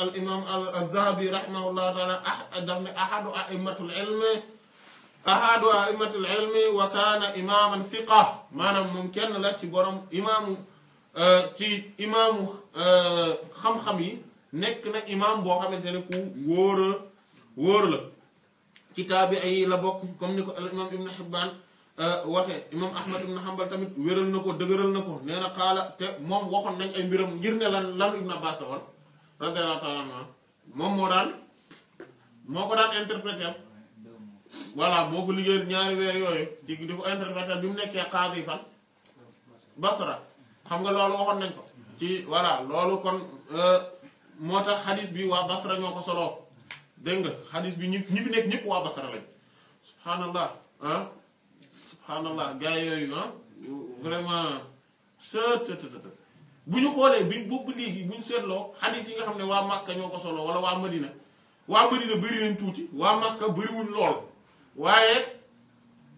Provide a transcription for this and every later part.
al imam al zahabi rahimahullah taala daf ne ahadu aimatul ilmi ahadu aimatul ilmi wa kaana imaman siqa maanaam moom kenn la ci borom imaamu ci imaamu xam-xam yi nekk na imaam boo xamante ne ku wóor a wóor la ci taabi ay la bokk comme ni ko al imam ibn hibbaan waxe imam ahmad ibn hanbal tamit wéral na ko dëgëral na ko nee na xaala te moom waxoon nañ ay mbiram ngir ne lan lan ibn abbas la woon radiyallahu taala anhu moom moo daal moo ko daan interpréter voilà moo ko liggéey ñaari weer yooyu di ko interpréter bi mu nekkee xaadi fan basra xam nga loolu waxoon nañ ko ci voilà loolu kon euh, moo tax xadis bi waa basra ñoo ko solo dégg nga xadis bi ñi ñi fi nekk ñëpp waa basra lañ subhanallah ah subhanallah yooyu ah vraiment sëtëtëtë bu ñu xoolee biñ boobu léegi bu ñu seetloo xadis yi nga xam ne waa Màkka ñoo ko solo wala waa Madina waa Madina bëri nañ tuuti waa Màkka bëriwuñ lool waaye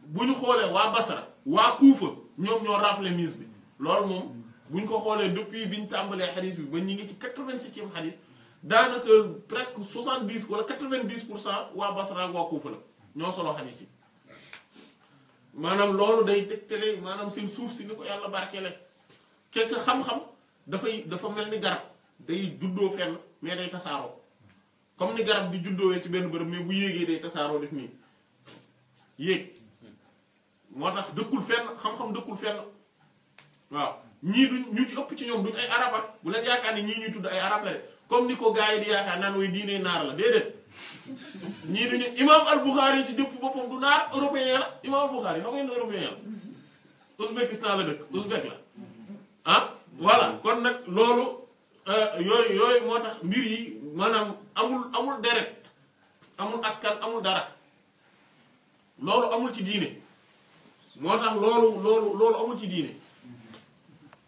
bu ñu xoolee waa Basra waa Kuufa ñoo rafle mise bi loolu moom bu ko xoolee depuis bi ñu tàmbalee xadis bi ba ñu ngi ci quatre-vingt-septième presque soixante-dix wala quatre vingt pour cent waa Basra ak waa la ñoo solo xadis yi maanaam loolu day tegtale maanaam seen suuf si ni ko yàlla barkeele kekk xam-xam. dafay dafa mel ni garab day juddoo fenn mais day tasaaroo comme ni garab di we ci benn bërëb mais bu yéegee day tasaaroo def nii yéeg moo tax dëkkul fenn xam-xam dëkkul fenn waaw ñii duñ ñu ci ëpp ci ñoom duñ ay arab ah. bu leen yaakaar ni ñii ñuy tudd ay arab la de comme ni ko gars di yaakaar naan way diine naar la déedéet ñii duñu imam al Bukhari yi ci jëpp boppam du naar européen la imam al Bukhari xam ngeen européen la Ouzbékistan la dëkk Ouzbek kon nak lolu yoy euh, yoy motax mbir yi manam amul amul deret amul askan amul dara lolu amul ci diine motax lolu lolu lolu amul ci diine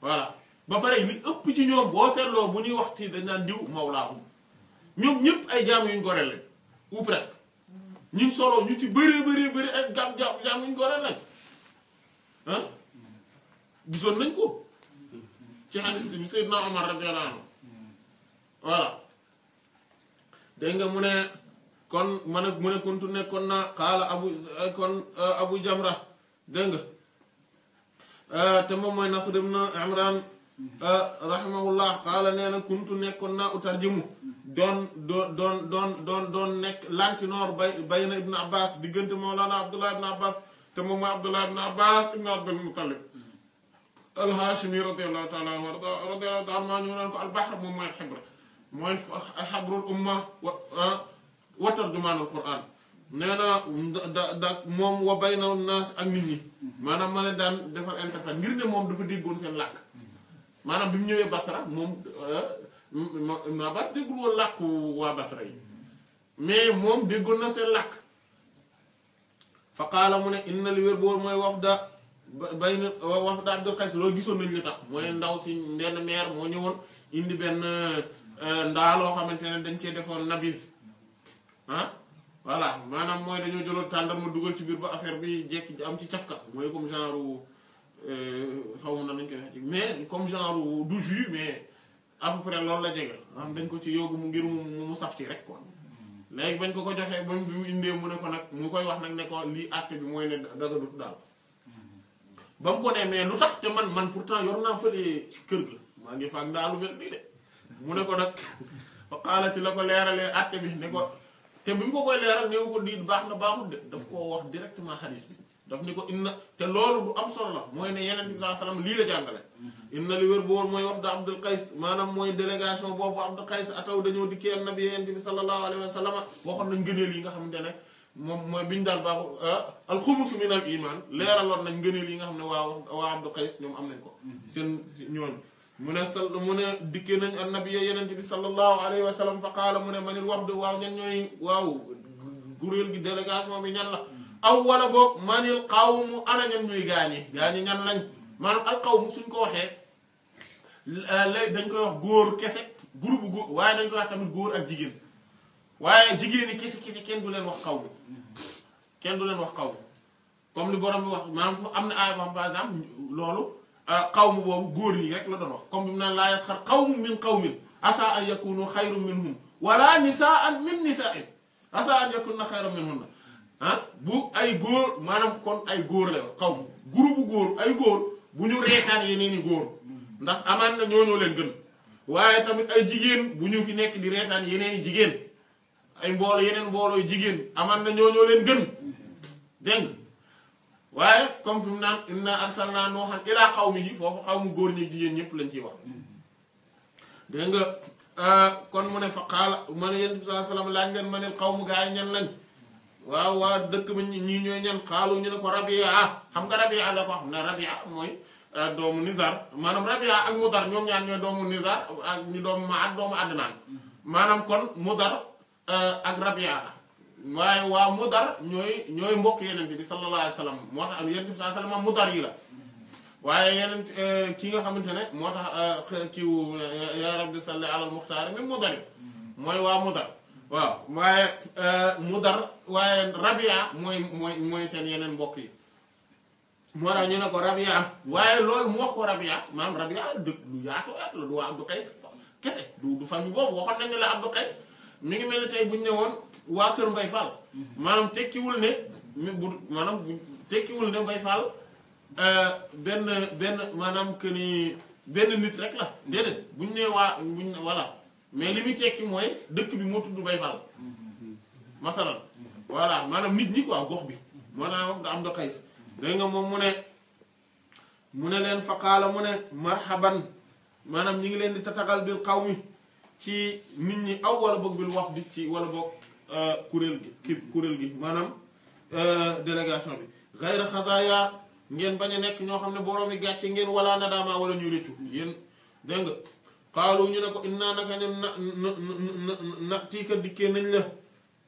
voilà ba pare li ëpp ci ñoom bo seetloo bu ñuy wax ci dañ nan diw mawlaahum ñoom ñëpp ay jaam yuñ goreel lañ ou presque ñu solo ñu ci bëree bëree bëri ak jaam jaam yuñ goreel lañ hein gisoon nañ ko. ci xadis bi Seydina Omar radiyallaahu anhu voilà mu ne kon ma ne mu ne kuntu nekkoon naa xaala abu kon euh, abu jamra dégg euh, te moom mooy Nasr ibn Imran euh, rahimahullah xaala nee na kuntu nekkoon naa utarjimu doon doon doon doon doon doon nekk lantinoor bay bay na ibn abbas diggante Mawlana Abdullah ibn abbas te moom mooy Abdullah ibn abbas ibn Abdul Muttalib alhaashimi radiallahu taala anhu radiallahu taala maa ñu naan ko albaxra moom mooy xibra mooy xabrul umma wa tarjumaanul quran nee na da da moom wa bay na naas ak nit ñi maanaam ma ne daan defar interprète ngir ne moom dafa déggoon seen làkk maanaam bi mu ñëwee Basra moom Ibn Abbas déggul woon làkku waa Basra yi mais moom déggoon na seen làkk fa qaala mu ne inna li wér boor mooy wafda bay na wax da Abdul Qays loolu gisoon nañu li tax mooy ndaw si benn maire moo ñëwoon indi benn euh, ndaa loo xamante ne dañ cee defoon nabis ah voilà maanaam mooy dañoo jëloon tàndar ma dugal ci biir ba affaire bi jekki am ci cafka mooy comme genre euh, xaw ma na nañ koy waxee mais comme genre du jus mais à peu près la jegal dañ ko ci yóbbu mu ngir mu saf ci rek quoi léegi bañ ko ko joxee bañ bi mu indee mu ne ko nag mu koy wax nag ne ko lii àtte bi mooy ne dagadut daal ba mu ko nee mais lu tax te man man pourtant yor naa fële ci kër ga maa ngi fàgg ndaalu mel nii de mu ne ko nag fa ci la ko leeralee àtte bi ne ko te bi mu ko koy leeral néew ko lii baax na baaxul de daf koo wax directement xadis bi daf ni ko inna te loolu bu am solo la mooy ne yeneen bi saa salaam lii la jàngale inna li wér bu woon mooy wafdu Abdul Qays maanaam mooy délégation boobu Abdul Qays ataw dañoo dikkee nabi yeneen bi sallallahu alayhi wa sallam waxoon yi nga xamante ne moom mooy biñu daan baaxul ah, alxumusu min al iman leeraloon nañ ngëneel yi nga xam ne waa waa Abdu Qays ñoom am nañ ko mhm. seen ñooñu mu ne sal mu ne dikkee nañ annabiya yeneen bi sallallahu alayhi wa sallam fa qaala mu ne manil wafd waaw ñan ñooy waaw kuréel gi délégation bi ñan la mhm. aw wala boog manil qawmu ana ñan ñuy gaañi gaañi ñan lañ maanaam al qawmu suñ ko waxee euh, dañ koy wax góor kese groupe góor waaye dañ koy wax tamit góor ak jigéen waaye jigéen ñi kese kese kenn du leen wax xaw mi kenn du leen wax xaw mi comme ni borom bi wax maanaam am na ay wax par exemple loolu xaw ah, mu boobu góor ñi rek la doon wax comme bi mu naan laa yasxar xawmu min xawmin asa an yakunu xayru minhum wala nisaan min nisain asa an yakunu xayru minhum ah bu ay góor maanaam kon ay góor la xaw ma groupe góor ay góor bu ñu reetaan yeneen i góor ndax amaan na ñoo ñoo leen gën waaye tamit ay jigéen bu ñu fi nekk di reetaan yeneen i jigéen ay mbooloo yeneen mbooloo jigéen amaan na ñoo ñoo leen gën dégg waaye comme fi mu naan inna arsalnaa Nuuhan ilaa qawmihi foofu xaw mu góor ñi jigéen ñëpp lañ ciy wax dégg nga ah, kon ma ne yonent bi saa salaam laaj leen ma ne xawmu gaa yi ñan lañ waaw waa dëkk ba ñii ñooy ñan xaalu ñu ne ko a xam nga Rabia la ko xam ne Rabia mooy ah, doomu Nizar maanaam Rabia ak Mudar ñoom ñaar ñooy doomu Nizar ak ñu doomu Maat doomu Adnaan maanaam kon Mudar Euh, ak rabia waaye waa mudar ñooy ñooy mbokk yeneen bi sallallahu alayhi wa sallam moo tax am yeneen bi sallallahu alayhi wa sallam mudar yi la waaye yeneen euh, ki nga xamante ne moo tax euh, kiiw ya rabbi salli alal yi mooy waa mudar waaw waaye mudar waaye rabia mooy mooy mooy seen yeneen mbokk yi moo tax ñu ne ko rabia waaye loolu mu wax ko rabia maanaam rabia dëkk lu yaatu at la du waa Abdou Kays kese du du boobu waxoon nañ ne la Abdou Kays mi ngi mel ni tey bu ñu ne woon waa kër Mbay Fall mhm. maanaam tekkiwul ne mi bu maanaam tekkiwul ne Mbay Fall euh, benn benn maanaam que ni benn nit rek la mhm. déedéet bu ñu nee waa bu ne voilà mais li muy tekki mooy dëkk bi moo tudd bay Fall mhm. masalan voilà maanaam nit ñi quoi gox bi maanaam wax nga am doxay si dégg nga moom mu ne mu ne leen faqaala mu ne marhaban maanaam ñi ngi leen di tatagal bil xaw mi ci nit ñi aw wala boog bil wax bi ci wala boog euh, kuréel gi ki kuréel gi maanaam euh, délégation bi xayra xasaaya ngeen bañ a nekk ñoo xam ne borom yi gàcce ngeen wala war a ñu rëccu yéen dégg nga xaalu ñu ne ko innaa naka ñun na na tiika dikkee nañ la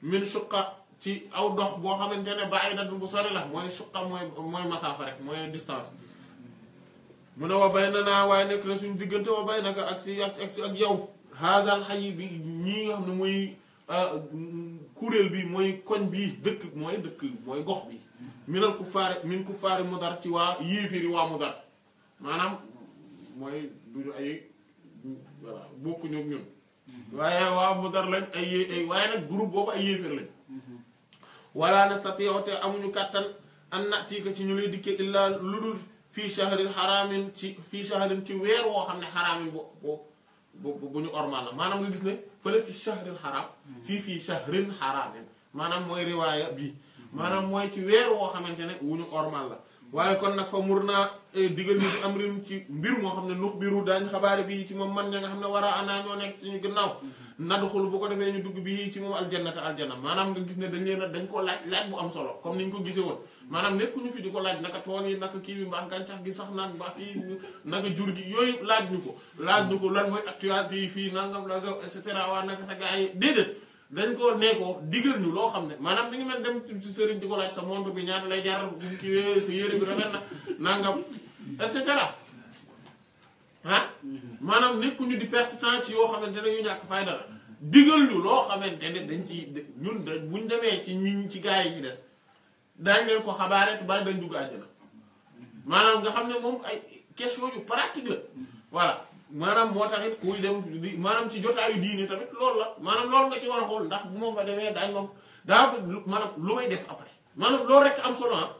min suqa ci aw dox boo xamante ne bàyyi na bu sori la mooy suqa mooy mooy masaafa rek mooy distance mu ne wa bay na naa waaye nekk na suñu diggante wa bay naka ak si ak si ak yow haadal xayi bi ñii nga xam ne mooy euh, kuréel bi mooy koñ bi dëkk mooy dëkk mooy gox bi minal ku faare min ku faare dar ci waa yéeféeri waa mudar maanaam mooy duñu ay voilà bokkuñu ak ñun waaye waa mudar lañ ay yé waaye nag groupe boobu ay yéeféer lañ mm-hmm. wala nastati'u te amuñu kàttan an natiika ci ñu lay dikkee illaa lu dul fii shahrin xaraamin ci fii shahrin ci weer woo xam ne xaraamin bo bu bu ñu ormal la maanaam nga gis ne fële fi shahril xaraam fii fii shahrin xaraamin maanaam mooy riwaaya bi maanaam mooy ci weer woo xamante ne wu ñu ormal la waaye kon nag fa mur naa eh, digal ñu ci am rin ci mbir moo xam ne nux biru daañ xabaari bii ci moom man ña nga xam ne war a anaa ñoo nekk ci ñu gannaaw naduxul bu ko defee ñu dugg bii ci moom aljannata aljanna maanaam nga gis ne dañ leen a dañ koo laaj laaj bu am solo comme niñ ko gisee woon maanaam nekkuñu fi di ko laaj naka tool yi naka kii bi mbaax gàncax gi sax naag mbaax kii naka jur yooyu laaj ñu ko laaj ñu lan mooy actualité yi fii nangam la nga et cetera waa naka sa gars yi déedéet dañ ko ñu loo xam ne maanaam mi ngi mel dem ci sëriñ di ko laaj sa montre bi ñaata lay jar bu kii sa yére bi rafet na mm-hmm. maanaam nekkuñu di perte yoo xamante ne yu ñàkk fayda la loo xamante ne dañ ci ñun da buñ demee ci ñun ci gars yi ci des daañ leen ko xabaare te baa dañ dugg àjjana maanaam nga xam ne moom ay question yu pratique la voilà maanaam moo tax it kuy dem maanaam ci jotaayu diini tamit loolu la maanaam loolu nga ci war a xool ndax bu ma fa demee daañ ma daa fa maanaam lu may def après maanaam loolu rekk am solo ah.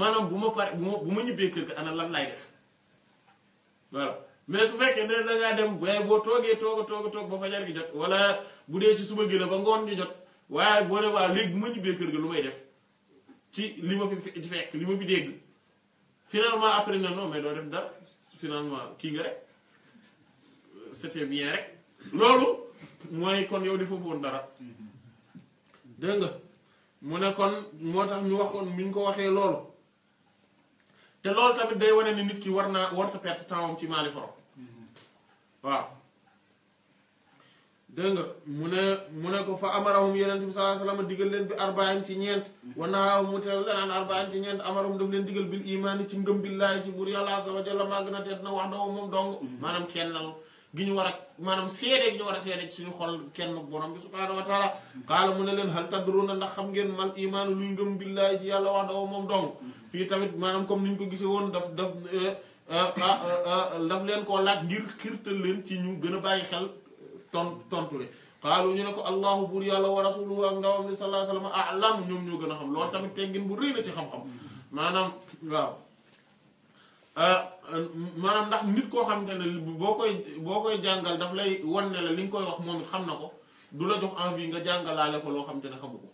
maanaam bu ma pare bu ma bu ma ñibbee kër ana lan laay def voilà mais su fekkee ne da ngaa dem waaye boo toogee toog toog toog ba fajar gi jot wala bu dee ci suba gi ba ngoon gi jot waaye boo ne waa léegi bu ma ñibbee kër gi lu may def ci li ma fi fekk li ma fi dégg finalement après na non mais doo def dara finalement kii nga rek c'était bien rek loolu mooy kon yow defoo woon dara dégg nga mu ne kon moo tax ñu wax kon mi ñu ko waxee loolu te loolu tamit day wane ni nit ki war naa warta perte temps ci maali forom mm-hmm. waaw dégg nga mu ne mu ne ko fa amarahum yeneen bi sallallahu alayhi wa sallam digal leen bi arbaan ci ñeent wa nahaahum mu teral leen an arbaan ci ñeent amarahum daf leen digal bil imaani ci ngëm billaahi ci buur yàlla azza wa jalla màgg na te dina wax doo moom dong maanaam kennal gi ñu war a maanaam seede gi ñu war a seede suñu xol kenn borom bi subhaanahu wa taala qaala mu ne leen hal tadruuna ndax xam ngeen mal imaanu luy ngëm billaahi ci yàlla wax doo moom dong fii tamit maanaam comme ni ñu ko gisee woon daf daf eh, eh, ah, eh, daf leen koo laaj ngir xirtal leen ci ñu gën a bàyyi xel ton tontule xaalu ñu ne ko allahu buur yàlla wa rasuluhu ak ndawam li sallallahu alayhi wa sallam alam ñoom ñoo gën a xam loolu tamit teggin bu rëy la ci xam-xam maanaam waaw ah, maanaam ndax nit koo xamante ne boo koy boo koy jàngal daf lay wan ne la koy wax moom it xam na ko du la jox envie nga jàngalaale ko loo xamante ne xamu ko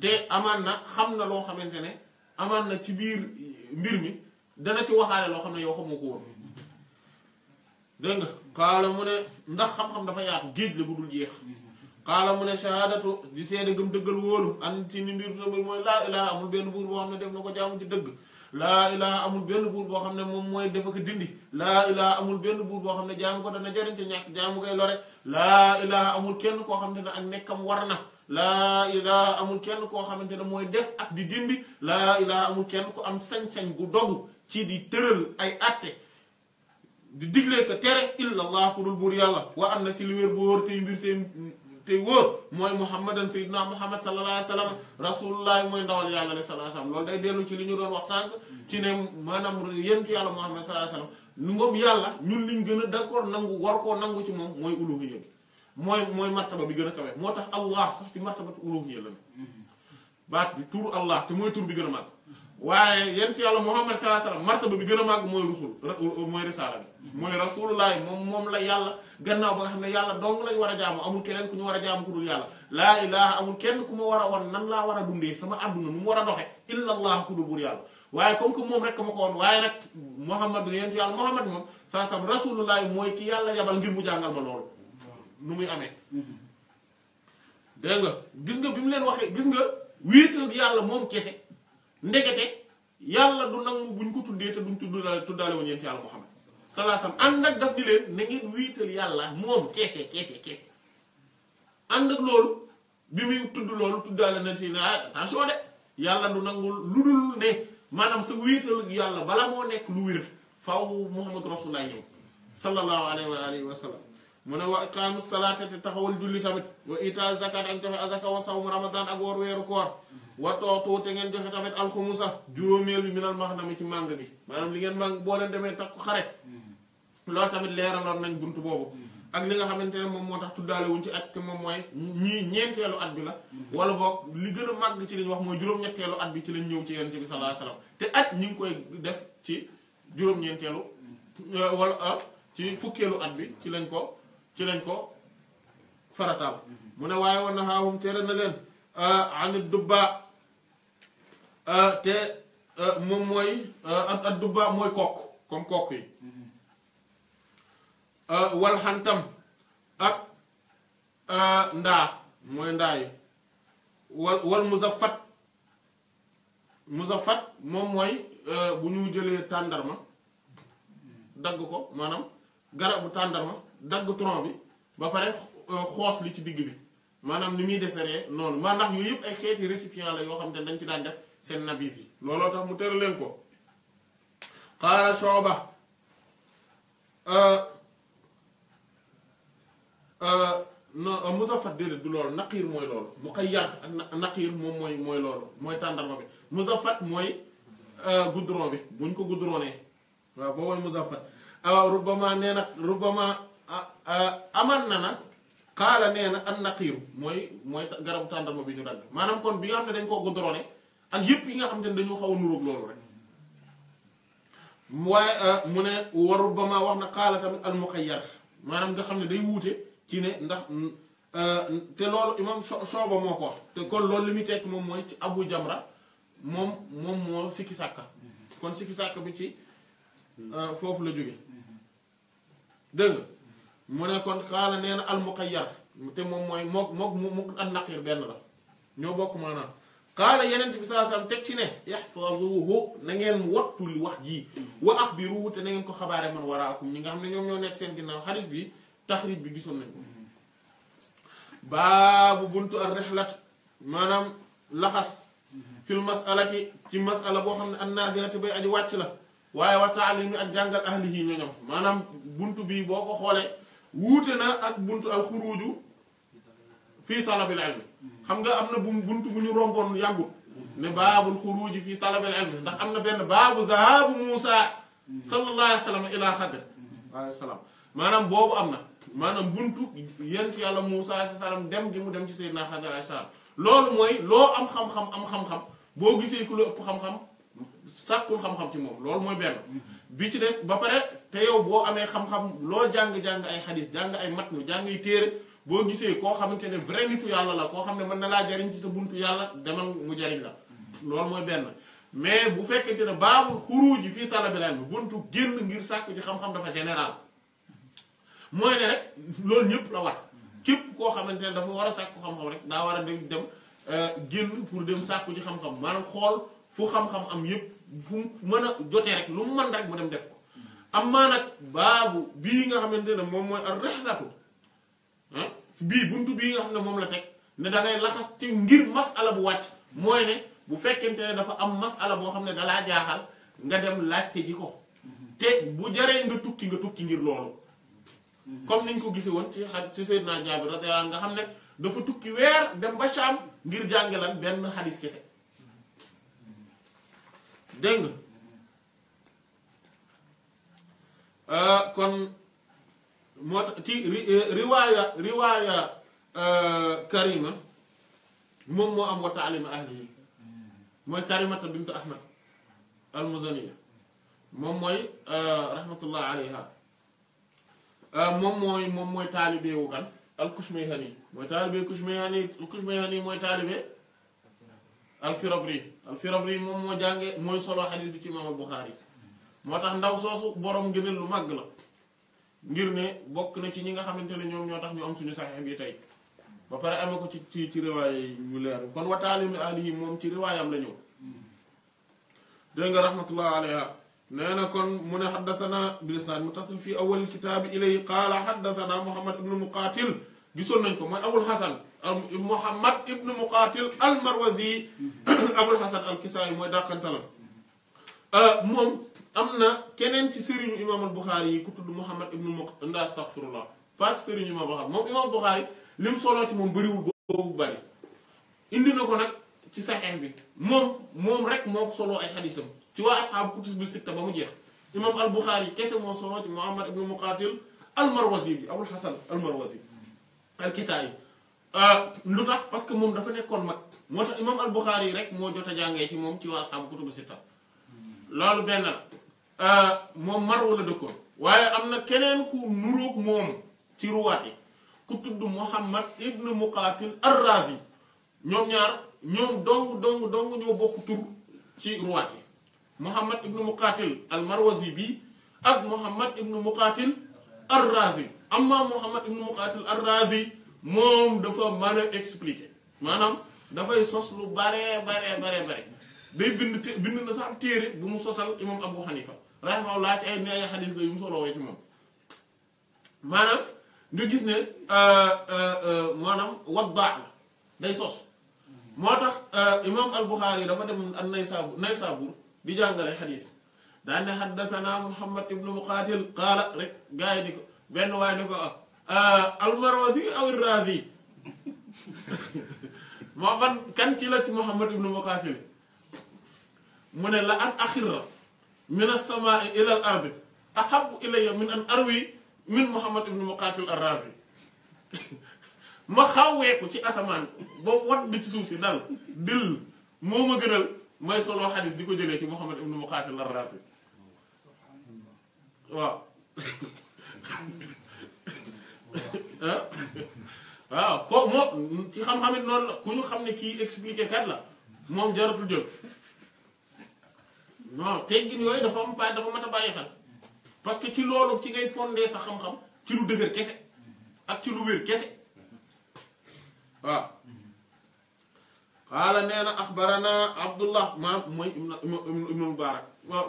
te amaan na xam na loo xamante ne amaan na ci biir mbir mi dana ci waxaale loo xam ne yow xamoo ko woon dégg xaala mu ne ndax xam-xam dafa yaatu géej la bu dul jeex xaala mu ne shahadatu di seede gëm dëggal wóolu an ci ni mbir mbir mooy laa ilaha amul benn buur boo xam ne def na ko jaamu ci dëgg laa ilaha amul benn buur boo xam ne moom mooy dafa ko dindi laa ilaha amul benn buur boo xam ne jaamu ko dana jariñ te ñàkk jaamu koy lore laa ilaha amul kenn koo xam ne ak nekkam war na laa ilaha amul kenn koo xamante ne mooy def ak di dindi laa ilaha amul kenn ku am sañ-sañ gu dogu ci di tëral ay atte di diglee ko tere illallah ku dul buur yàlla wa am na ci li wér bu wóor tey mbir tey tey wóor mooy muhammadan naa muhammad sallallahu alayhi wa sallam rasulullah mooy ndawal yàlla ne sallallahu alayhi wa sallam loolu day dellu ci li ñu doon wax sànq ci ne maanaam yentu yàlla muhammad sallallahu alayhi wa sallam moom yàlla ñun li ñu gën a d'accord nangu war koo nangu ci moom mooy uluhiyya bi mooy mooy martaba bi gën a kawe moo tax allah sax ci martabatu uluhiyya la ne baat bi tur allah te mooy tur bi gën a màgg waaye yent yàlla muhammad sallallahu alayhi wasallam martaba bi gën a màgg mooy rusul uh, mooy risaala bi mhm. mooy rasulullahi moom moom la yàlla gannaaw ba nga xam ne yàlla dong lañ war a jaamu amul keneen ñu war a jaamu ku dul yàlla laa ilaha kenn ku ma war a wan nan laa war a dundee sama àdduna nu mu war a doxe illa allah ku dul buur yàlla waaye comme que moom rek ma ko woon waaye nag muhammad yent yàlla muhammad moom saa sam rasulullahi mooy ki yàlla yabal ngir mu jàngal ma loolu nu muy amee mhm. dégg nga gis nga bi mu leen waxee gis nga wéetal yàlla moom kese ndegete yàlla du nangu buñ ko tuddee te duñ tuddaale tuddaale woon yent yàlla Muhammad sallallahu alayhi wasallam ànd ak daf ni leen na ngeen wiital yàlla moom keese keese keese ànd ak loolu bi muy tudd loolu tuddaale na ci ne ah, attention de yàlla du nangu lu dul ne maanaam sa wiital yàlla bala moo nekk lu wér faw Muhammad rasulullah ñëw sallallahu alayhi wa alihi wa mu ne wa iqaamu salaata te taxawal julli tamit wa ita zakat ak joxe azaka wa sawmu ramadan ak woor weeru koor wa tootu te ngeen joxe tamit alxumusa juróomeel bi minal max na mi ci màng bi maanaam li ngeen màng boo leen demee takku xare loolu tamit leeraloon nañ bunt boobu ak li nga xamante ne moom moo tax tuddaale wuñ ci at te moom mooy ñii ñeenteelu at bi la wala boog li gën a màgg ci li wax mooy juróom-ñetteelu at bi ci lañ ñëw ci yonent bi sallallahu alayhi wasallam te at ñu ngi koy def ci juróom-ñeenteelu euh, wala euh, ci fukkeelu at bi ci lañ ko ci lañ ko farataw mu ne waaye wona ha hum tere na leen euh, ani dubba euh, te euh, moom mooy a dubba mooy kokk comme kokk yi wal xantam ak ndaa mooy ndaa yi wal wal mousafat mousafat moom mooy bu ñu jëlee tàndarma dagg ko maanaam garab bu tàndarma dagg tronc bi ba pare euh, xoos li ci digg bi maanaam li muy defaree noonu maa ndax yooyu yëpp ay xeeti récipient la yoo xam te dañ ci daan def seen nabis yi looloo tax mu tëral leen ko qaala Shu'ba euh, euh, non muzaffar déedéet du loolu naqiir mooy loolu muqayyar ak naqiir moom mooy mooy loolu mooy tàndarma bi muzaffar mooy goudron bi buñ ko goudronné waaw boo mooy muzaffar aw nee na rubama Euh, aman na nag xaala nee na an naqiiru mooy mooy garabu tàndarma bi ñu dagg maanaam kon bi nga xam ne dañ koo godrone ak yépp yi nga xam te ne dañu xaw a nuróog loolu rek waaye euh, mu ne waru ba maa wax na xaala tamit al muxayyar maanaam nga xam ne day wuute ci ne ndax mm, euh, te loolu imam sooba moo ko te kon loolu li muy tekk moom mooy ci abu jamra moom moom moo sikki sàkka kon sikki sàkka bi ci foofu la jóge dégg mu ne kon xaala nee na almuqayyar te moom mooy mook mook mu an naqir benn la ñoo bokk maanaam xaala yeneen bi saa saam teg ci ne ihfazuhu na ngeen li wax ji wa axbiruhu te na ngeen ko xabaare man waraakum ñi nga xam ne ñoom ñoo nekk seen ginnaaw xadis bi taxrij bi gisoon nañ ko baabu buntu ar rixlat maanaam laxas fil masalati ci masala boo xam ne an naazilati bay aji wàcc la waaye wa taalimi ak jàngal ahlihi ñoñom maanaam buntu bii boo ko xoolee wuute na ak bunt al xuruuju fii talabil ilmi xam nga am na bu bunt bu ñu romboon yàggul ne baabul xuruuji fii talabil ilmi ndax am na benn baabu zahaabu Muusa sallallahu alayhi wa sallam ilaa xadr maanaam boobu am na maanaam buntu yent yàlla Muusa alayhi dem gi mu dem ci Seydina Xadr alayhi salaam loolu mooy loo am xam-xam am xam-xam boo gisee ku la ëpp xam-xam sàkkul xam-xam ci moom loolu mooy benn bi ci des ba pare te yow boo amee xam-xam loo jàng-jàng ay xadis jàng ay mat mu jàng ay téere boo gisee koo xamante ne vrai nitu yàlla la koo xam ne mën na laa jariñ ci sa buntu yàlla demal mu jariñ la loolu mooy benn mais bu fekkente ne baabul xuruuji fii talabilan bi buntu génn ngir sàkku ci xam-xam dafa général mooy ne rek loolu ñëpp la war képp koo xamante ne dafa war a sàkku xam-xam rek daa war a dem dem euh, génn pour dem sàkku ci xam-xam maanaam xool fu xam am yëpp fu mën a jotee rek lu mu mën rek mu dem def ko am amma nag baabu bii nga xamante ne moom mooy ar rexlatu ah bii bunt bii nga xam ne moom la teg ne da ngay laxas ci ngir masala bu wàcc mooy ne bu fekkente ne dafa am masala boo xam ne dalaa jaaxal nga dem laajte ji ko jaree nga tukki nga tukki ngir loolu comme niñ ko gisee woon ci ci Seydina Jaabir radiyallaahu nga xam ne dafa tukki weer dem ba Sham ngir jàngalan benn xadis kese deng euh kon mot tax riwaya riwaya euh karima mom mo am wa taalima ahlihi mooy karimata bint ahmad al mom moy euh rahmatullah alayha moom mooy moom mooy taalibe wu kan al kushmeyhani mooy taalibe kushmeyhani kushmeyhani moy taalibe alfirabri alfirabri moom moo jànge mooy solo xadis bi ci imaamal Buxaari moo tax ndaw soosu borom gënal lu màgg la ngir ne bokk na ci ñi nga xamante ne ñoom ñoo tax ñu am suñu saxiix bi tey ba pare amee ko ci ci ci riwaay yu leer kon wa taalimi alihi moom ci riwaayam la ñëw dégg nga rahmatullah alayha nee na kon mu ne xaddathana bil isnaad muttasil fi awwal kitaabi ilay qaala xaddathana muhammad ibnu muqaatil gisoon nañ ko mooy abul hasan محمد ابن مقاتل المروزي ابو الحسن الكسائي مو داكنتال ا موم امنا كينن سي سيرين امام البخاري كتب محمد ابن مقاتل استغفر الله فات سيرين امام البخاري موم امام البخاري لم سولو تي موم بريو بو بري اندي نكو نا سي صحيح بي موم موم رك موك سولو اي حديثم تي وا اصحاب كتب السته بامو جيخ امام البخاري كيسه مو سولو محمد ابن مقاتل المروزي ابو الحسن المروزي الكسائي Euh, lu tax parce que moom dafa nekkoon mag moo tax imam al yi rek moo jot a jàngee ci moom ci waa saabu kutubu sitta loolu benn la euh, moom Marw la dëkkoon waaye am na keneen ku nuróog moom ci ruwaat yi ku tudd Muhammad ibn Muqatil ar-Razi ñaar ñoom dong dong dong ci ruwaat yi Muhammad ibn Muqatil al bi ak Muhammad ibn Muqatil ar am amma Muhammad ibn Muqatil ar moom dafa mën a expliquer maanaam dafay sos lu baree baree bare day bind té bind na sax téere bu mu sosal imam Abu Hanifa rahimahullah ci ay ni ay la yu mu solowee ci moom maanaam nga gis ne euh, euh, euh, maanaam waddaa la day sos moo tax imam al Buxaari dafa dem ak Naysaabu Naysaabuur di jàngale xadis daan ne xaddathana Muhammad ibnu Muqaatil qaala rek gars yi ni ko benn waaye ni ko ah آه، المروزي او الرازي ما فان كان تي محمد ابن مقاتل من لا ان اخر من السماء الى الارض احب الي من ان اروي من محمد ابن مقاتل الرازي ما خاويكو تي اسمان بو ود بي سوسي دال دل موما غنال ماي سولو حديث ديكو جيلي تي محمد ابن مقاتل الرازي سبحان الله واه waaw ko moom ci xam-xamit noonu la ku ñu xam ne kii expliqué kat la moom jaratul jóg non teggin yooyu dafa am dafa mat a bàyyi xel parce que ci loolu ci ngay fondé sax xam-xam ci lu dëgër kese ak ci lu wér kese waaw qaala nee na axbarana abdullah maam mooy ibnu mubarak waaw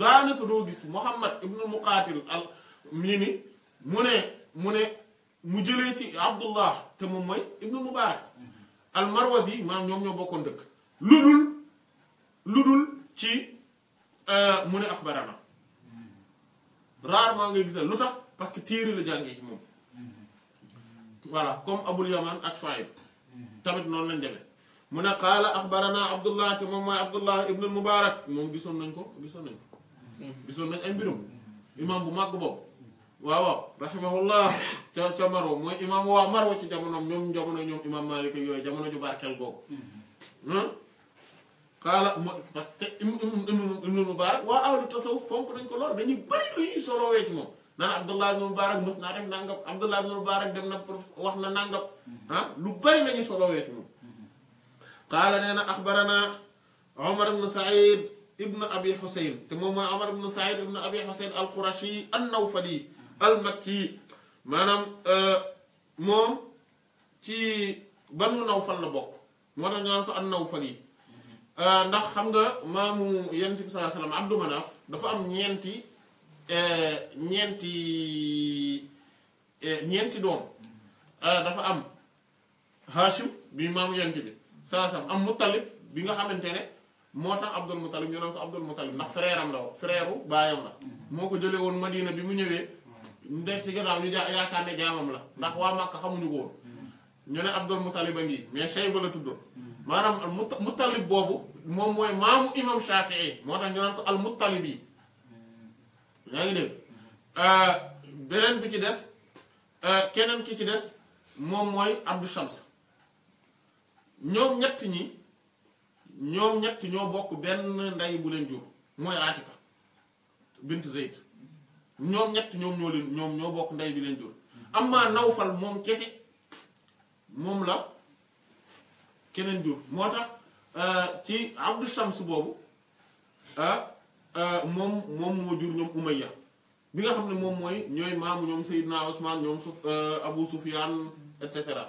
daanaka doo gis muhammad ibnu muqaatil al mini mu ne mu ne mu jëlee ci abdullah te moom mooy ibnu mubarak al marwazi maam ñoom ñoo bokkoon dëkk lu dul lu dul ci euh, mu ne axbarana rarement ngay gisal lu tax parce que téere la jàngee ci moom voilà comme abul yaman ak shuaib tamit noonu lañ demee mu ne qaala axbarana abdullah te moom mooy abdullah ibnu mubarak moom gisoon nañ ko gisoon nañ ko gisoon nañ ay mbiram imam bu màgg boobu waaw waaw rahimahullah ca ca mooy imaam waa Marwa ci jamonoom ñoom jamono ñoom imaam Maalik yooyu jamono ju barkeel googu xaala mm-hmm. mo parce que ibnu Mubaarak waa ahlu tasawuf fonk nañ ko lool dañuy bëri lu ñuy solowee ci moom naan Abdullah ibnu Mubaarak dem na wax na nangam mm-hmm. lu bëri lañuy solowee ci moom xaala mm-hmm. nee na axbarana Omar ibnu Saïd ibnu Abi Xuseyn te moom mooy Omar ibnu Saïd ibnu Abi Xuseyn al-Qurashi an-Nawfali al-Makki maanaam euh, moom ci banu Nawfal la bokk moo tax ñu naan ko an Nawfal yi euh, ndax xam nga maamu yenti bi sallallahu alayhi wasallam dafa am ñeenti euh, ñeenti ñeenti doom dafa am Hashim bi maamu yonent bi sallallahu alayhi wasallam am bi nga xamante ne moo tax Abdul Muttalib ñu naan ko Abdul Muttalib ndax frère la woon baayam la moo ko jëlee woon Madina bi mu ñëwee ndeg ci gannaaw ñu ja yaakaar ne jaamam la ndax waa Màkka xamuñu ko ñoo ne Abdul Muttalib a ngi mais Shayba la tuddoon maanaam al Muttalib boobu moom mooy maamu imam Shafii moo tax ñu naan ko al ngi dégg euh, beneen bi ci des euh, keneen ki ci des moom mooy Abdou Shams ñoom ñett ñi ñoom ñett ñoo bokk benn ndey bu leen jur mooy Atika bint Zayd ñoom ñett ñoom ñoo ñoom ñoo bokk ndey bi leen jur amma nawfal moom kese moom la keneen jur moo tax euh, ci abdu shams boobu euh, euh, moom moom moo jur ñoom umayya bi nga xam ne moom mooy ñooy maamu ñoom sayidna usman ñoom suf abu sufyaan et cetera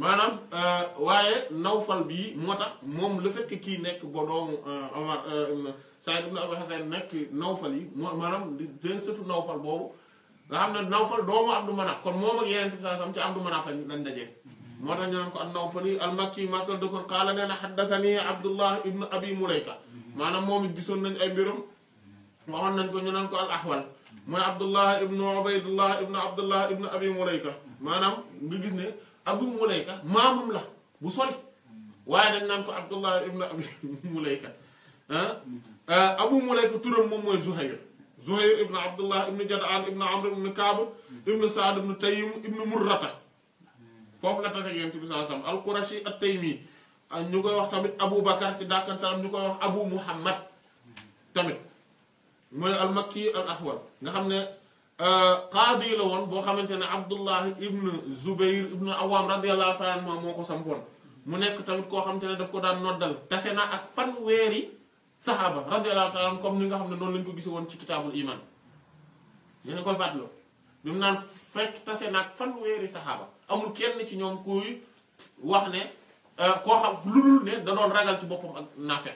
maanaam waaye nawfal bii moo tax moom le fait kii nekk ba doomu Saïd ibn Abi Hasan nekk Nawfal yi moo maanaam di jël surtout Nawfal boobu nga xam ne Nawfal doomu Abdou Manaf kon moom ak yeneen saa sam ci Abdou Manaf lañ daje. moo tax ñu naan ko an Nawfali al makki makkal dëkkoon qaala nee na xaddatani Abdullah ibn Abi Mulayka maanaam moom it gisoon nañ ay mbirum waxoon nañ ko ñu naan ko al Ahwal mooy Abdullah ibn Ubaydullah ibn Abdullah ibn Abi Mulayka maanaam nga gis ne Abu Mulayka maamam la bu sori waaye dañ naan ko Abdullah ibn Abi Mulayka ah. abu mulayka turam moom mooy zuhayr zuhayr ibn abdullah ibn jadaan ibn amr ibn kaab ibn saad ibn tayyim ibn murrata foofu la tase ak yonent bi sallallahu alayhi wasallam al qurashi at taymi ñu koy wax tamit abu bakar ci dàkkantaram ñu koy wax abu muhammad tamit mooy al makki al ahwal nga xam ne qaadi la woon boo xamante ne abdullah ibn zubayr ibn awam radiyallahu taala anhu moo ko sampoon mu nekk tamit koo xamante ne daf ko daan noddal tase na ak fan weeri saxaaba radiyallaahu taala comme ni nga xam ne noonu lañ ko gise woon ci kitaabul iman ñu ne ko fàttaloo bi mu naan fekk tase naag fanweeri saxaaba amul kenn ci ñoom kuy wax ne euh, xam lu dul ne da doon ragal ak naafeq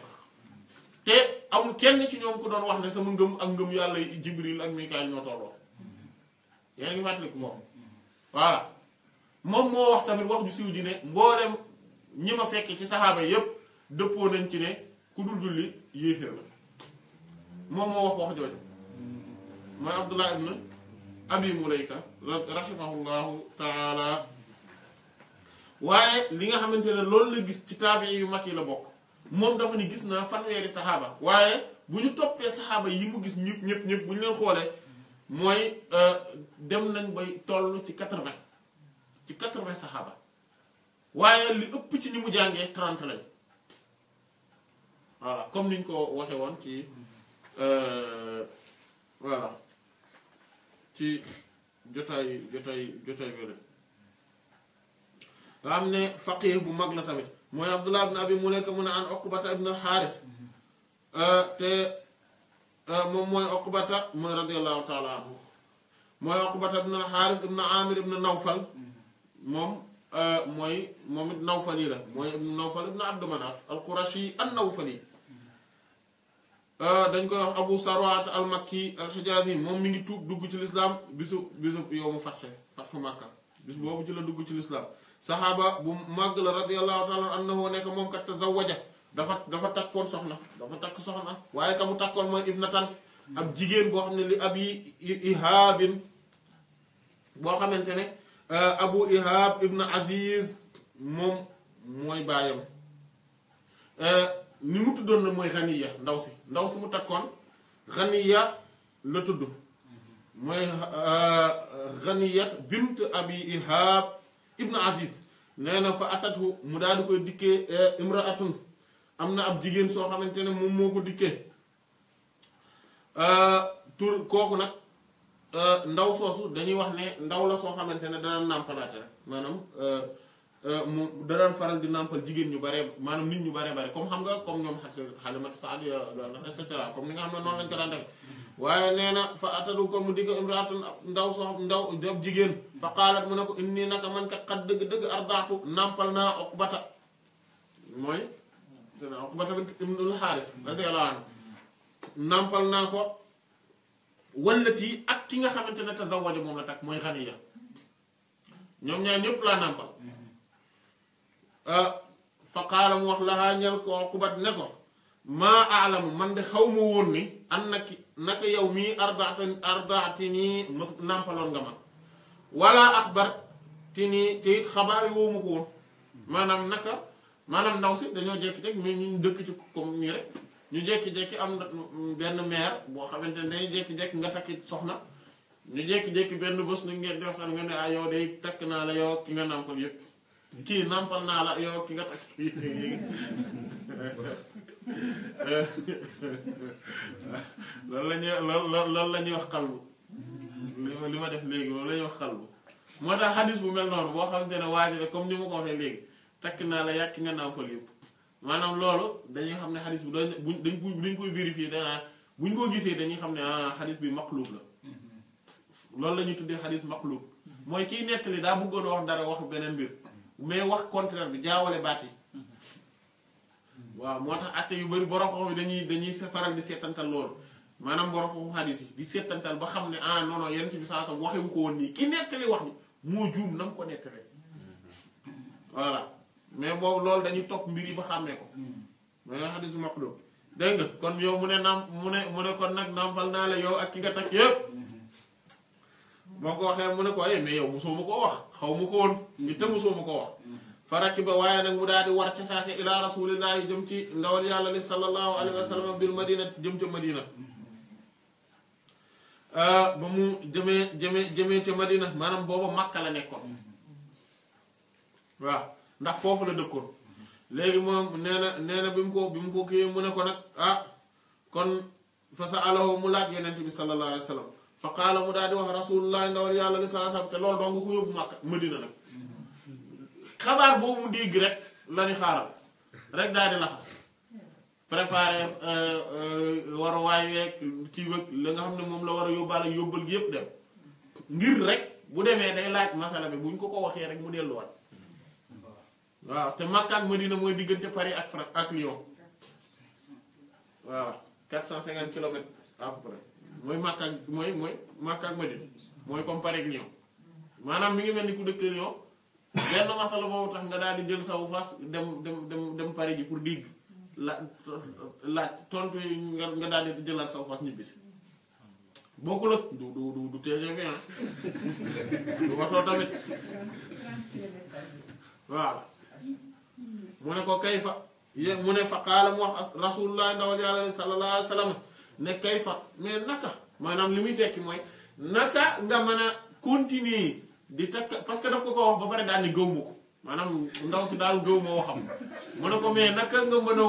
te amul kenn ci ñoom ku doon wax ne sama ngëm ak ngëm yàlla jibril ak mikaayil ñoo tolloo yaa fàttaliku moom voilà moom moo wax tamit wax ju siw ji ne mboolem ñi ma fekkee ci saxaaba yépp dëppoo nañ ci ne ku dul julli yéeféer la moom moo wax wax jooju mooy abdullah abi mulayka rahimahullahu taala waaye li nga xamante ne loolu la gis ci taabi yu mag yi la bokk moom dafa ni gis naa fanweeri saxaaba waaye bu ñu toppee saxaaba yi mu gis ñëpp ñëpp ñëpp bu ñu leen xoolee mooy euh, dem nañ bay toll ci quatre ci quatre-vingt saxaaba waaye li ëpp ci ñi mu jàngee trente voilà comme niñ ko waxe woon ci euh, voilà ci jotay jotay jotay wéle nga am ne faqir bu mag la tamit mooy abdullah bne abi muleyka mu ne an oqbata ibn alxaris euh, te euh, moom mooy oqbata mooy radiallahu taala anhu mooy oqbata ibn alxaris ibn amir ibn nawfal moom Euh, mooy moom it nawfal la mooy nawfal ibn abdu manaf al qurashi an nawfali euh, dañ koy wax abu sarwaat al makki al xijaas moom mi ngi tuub dugg ci lislaam bisu bisu yow mu fatxe fatxe màkka bis boobu ci la dugg ci lislaam saxaaba bu màgg la radiallahu taala annahu nekk moom kat tazawaja dafa dafa takkoon soxna dafa takk soxna waaye ka mu takkoon mooy ibnatan ab jigéen boo xam ne li ab yi ihaabin boo xamante ne Euh, abu ihab ibn aziz moom mooy baayam euh, ni mu tuddoon na mooy xaniya ndaw si ndaw si mu takkoon xaniya la tudd mooy xaniyat euh, bint abi ihab ibn aziz nee na fa atatu mu daal di koy dikkee imraatun am na ab jigéen soo xamante ne moom moo ko dikkee tur kooku nag Euh, ndaw soosu dañuy wax ne ndaw la soo xamante ne danaan nàmpalaate rek maanaam euh, euh, mu danaan faral di nàmpal jigéen ñu bare maanaam nit ñu bare bare comme xam nga comme ñoom xalimatu saad et cetera comme ni nga xam ne noonu lañ ko waaye nee na fa atadu kon mu di ko imraatun ndaw soo ndaw jigéen fa qaalat mu ne ko inni naka man kat dëgg-dëgg ardaatu nàmpal naa Uqbata mooy Uqbata bint Ibnul Xaaris radiyallaahu nàmpal naa ko wallati ak ki nga xamante ne tazawaja moom la takk mooy xaniya ñoom ñaar ñëpp laa nàmpal ah, fa qaala la wax lahaa ñel ko uqbat ne ko maa aalamu man de xaw ma woon ni an na ki naka yow mii ardaata ardaati nii mas nàmpaloon nga man wala axbar ti nii te it xabaar woo ma ko woon maanaam naka maanaam ndaw si dañoo jekki teg mais ñu dëkk ci comme nii rek ñu jékki-jékki am benn maire boo xamante ne day jékki-jékki nga takki soxna ñu jékki-jékki benn bés nag ngeen di waxtaan nga ne ah yow day naa la yow ki nga nàmpal yëpp kii nàmpal naa la yow ki nga takk loolu la ñuy loolu loolu la ñuy wax xalbu li ma li ma def wax xalbu moo tax xadis bu mel noonu boo comme ni ma ko waxee léegi takk naa la yàq ki nga nàmpal yëpp maanaam loolu dañuy xam ne xadis bi doon dañ ko dañ koy vérifier danaa bu ñu ko gisee dañuy xam ne ah bi maqluub la loolu la ñuy tuddee xadis maqluub mooy kiy nettali daa bëggoon wax dara wax beneen mbir mais wax contraire bi jaawale baat waaw moo tax atte yu bëri borom xam dañuy dañuy faral di seetantal maanaam borom xam xadis yi di xam ne ah non non bi saa sam ko woon nii ki nettali wax bi moo juum na mu ko nettalee voilà. mais bobu lol dañuy top mbir yi ba xamé ko hmm. mais nga xadisu maqdum dégg nga kon yow mune nam mune mune kon nak nambal na la yow ak ki nga tak yeb hmm. boo waxe mune ko ay eh, mais yow mosoo mako wax xawmuko won ni hmm. te muso mako wax faraki ba waya nak mu dadi war ci sase ila rasulillahi jëm ci ndawal yalla li sallallahu alayhi wa bil madina jëm ci madina euh, ba mu jëme jëme jëme ci madina manam bobu makka la nekkon waaw ndax foofu la dëkkoon léegi moom nee na bi mu ko bi mu ko kii mu ne ko nag ah kon fa sa alahu mu laaj yeneen bi sallallahu alayhi wa fa qaala mu daal di wax rasulullah ndawal yàlla li salaa sallam loolu dong ko yóbbu màkk madina nag xabaar boobu mu dégg rek la ni xaaral rek daal di laxas préparé euh, euh, war waay week kii wëg la nga xam ne moom la war a yóbbaale yóbbal gi yépp dem ngir rek bu demee day laaj masala bi buñ ko ko waxee rek mu delluwaat waaw te Makka ak Madina mooy diggante Paris ak Fran ak Lyon waaw 450 km à peu près mooy Makka moy moy mooy Makka ak Madina mooy comme Paris ak Lyon manam mi ngi melni ku dëkk Lyon benn massa masala bobu tax nga daal di jël sawu fas dem dem dem dem Paris ji pour dig la tontu nga nga daal di jëlaat sawu fas ñibbisi bokul ak du du du du TGV hein ah. du waxo tamit waaw. mu ne ko kay fa mu ne fa qaala mu wax rasulullah ndawal yàlla sallallahu alayhi wa sallam ne kay fa mais naka maanaam li muy tekki mooy naka nga mën a continuer di takk parce que daf ko ko wax ba pare daal ni gëw ko maanaam ndaw si daal gëw ma waxam mu ne ko mais naka nga mën a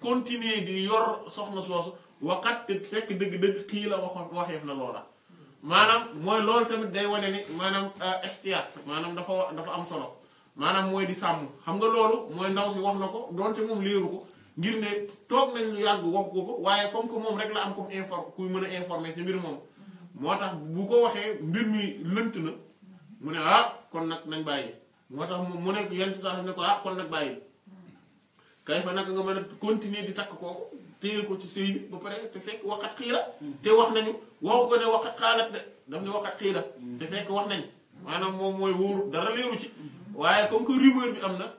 continuer di yor soxna soosu waxat fekk dëgg-dëgg kii la waxoon waxeef na loola maanaam mooy loolu tamit day wane ni maanaam euh, ixtiyaat maanaam dafa dafa am solo maanaam mooy di sàmm xam nga loolu mooy ndaw si wax na ko donte moom léeru ko ngir ne toog nañ lu yàgg wax ko ko waaye comme que moom rek la am comme inform kuy mën a informer ci mbir moom moo tax bu ko waxee mbir mi lënt na mu ne ah kon nag nañ bàyyi moo tax mu ne yenn saa ne ko ah kon nag bàyyi kay fa naka nga mën a continuer di takk kooku téye ko ci sëy bi ba pare te fekk waxat xiira te wax nañu waxu ko ne waxat xaalat de daf ne waxat xiira te fekk wax nañ maanaam moom mooy wóoru dara léeru ci waaye comme que rumeur bi am na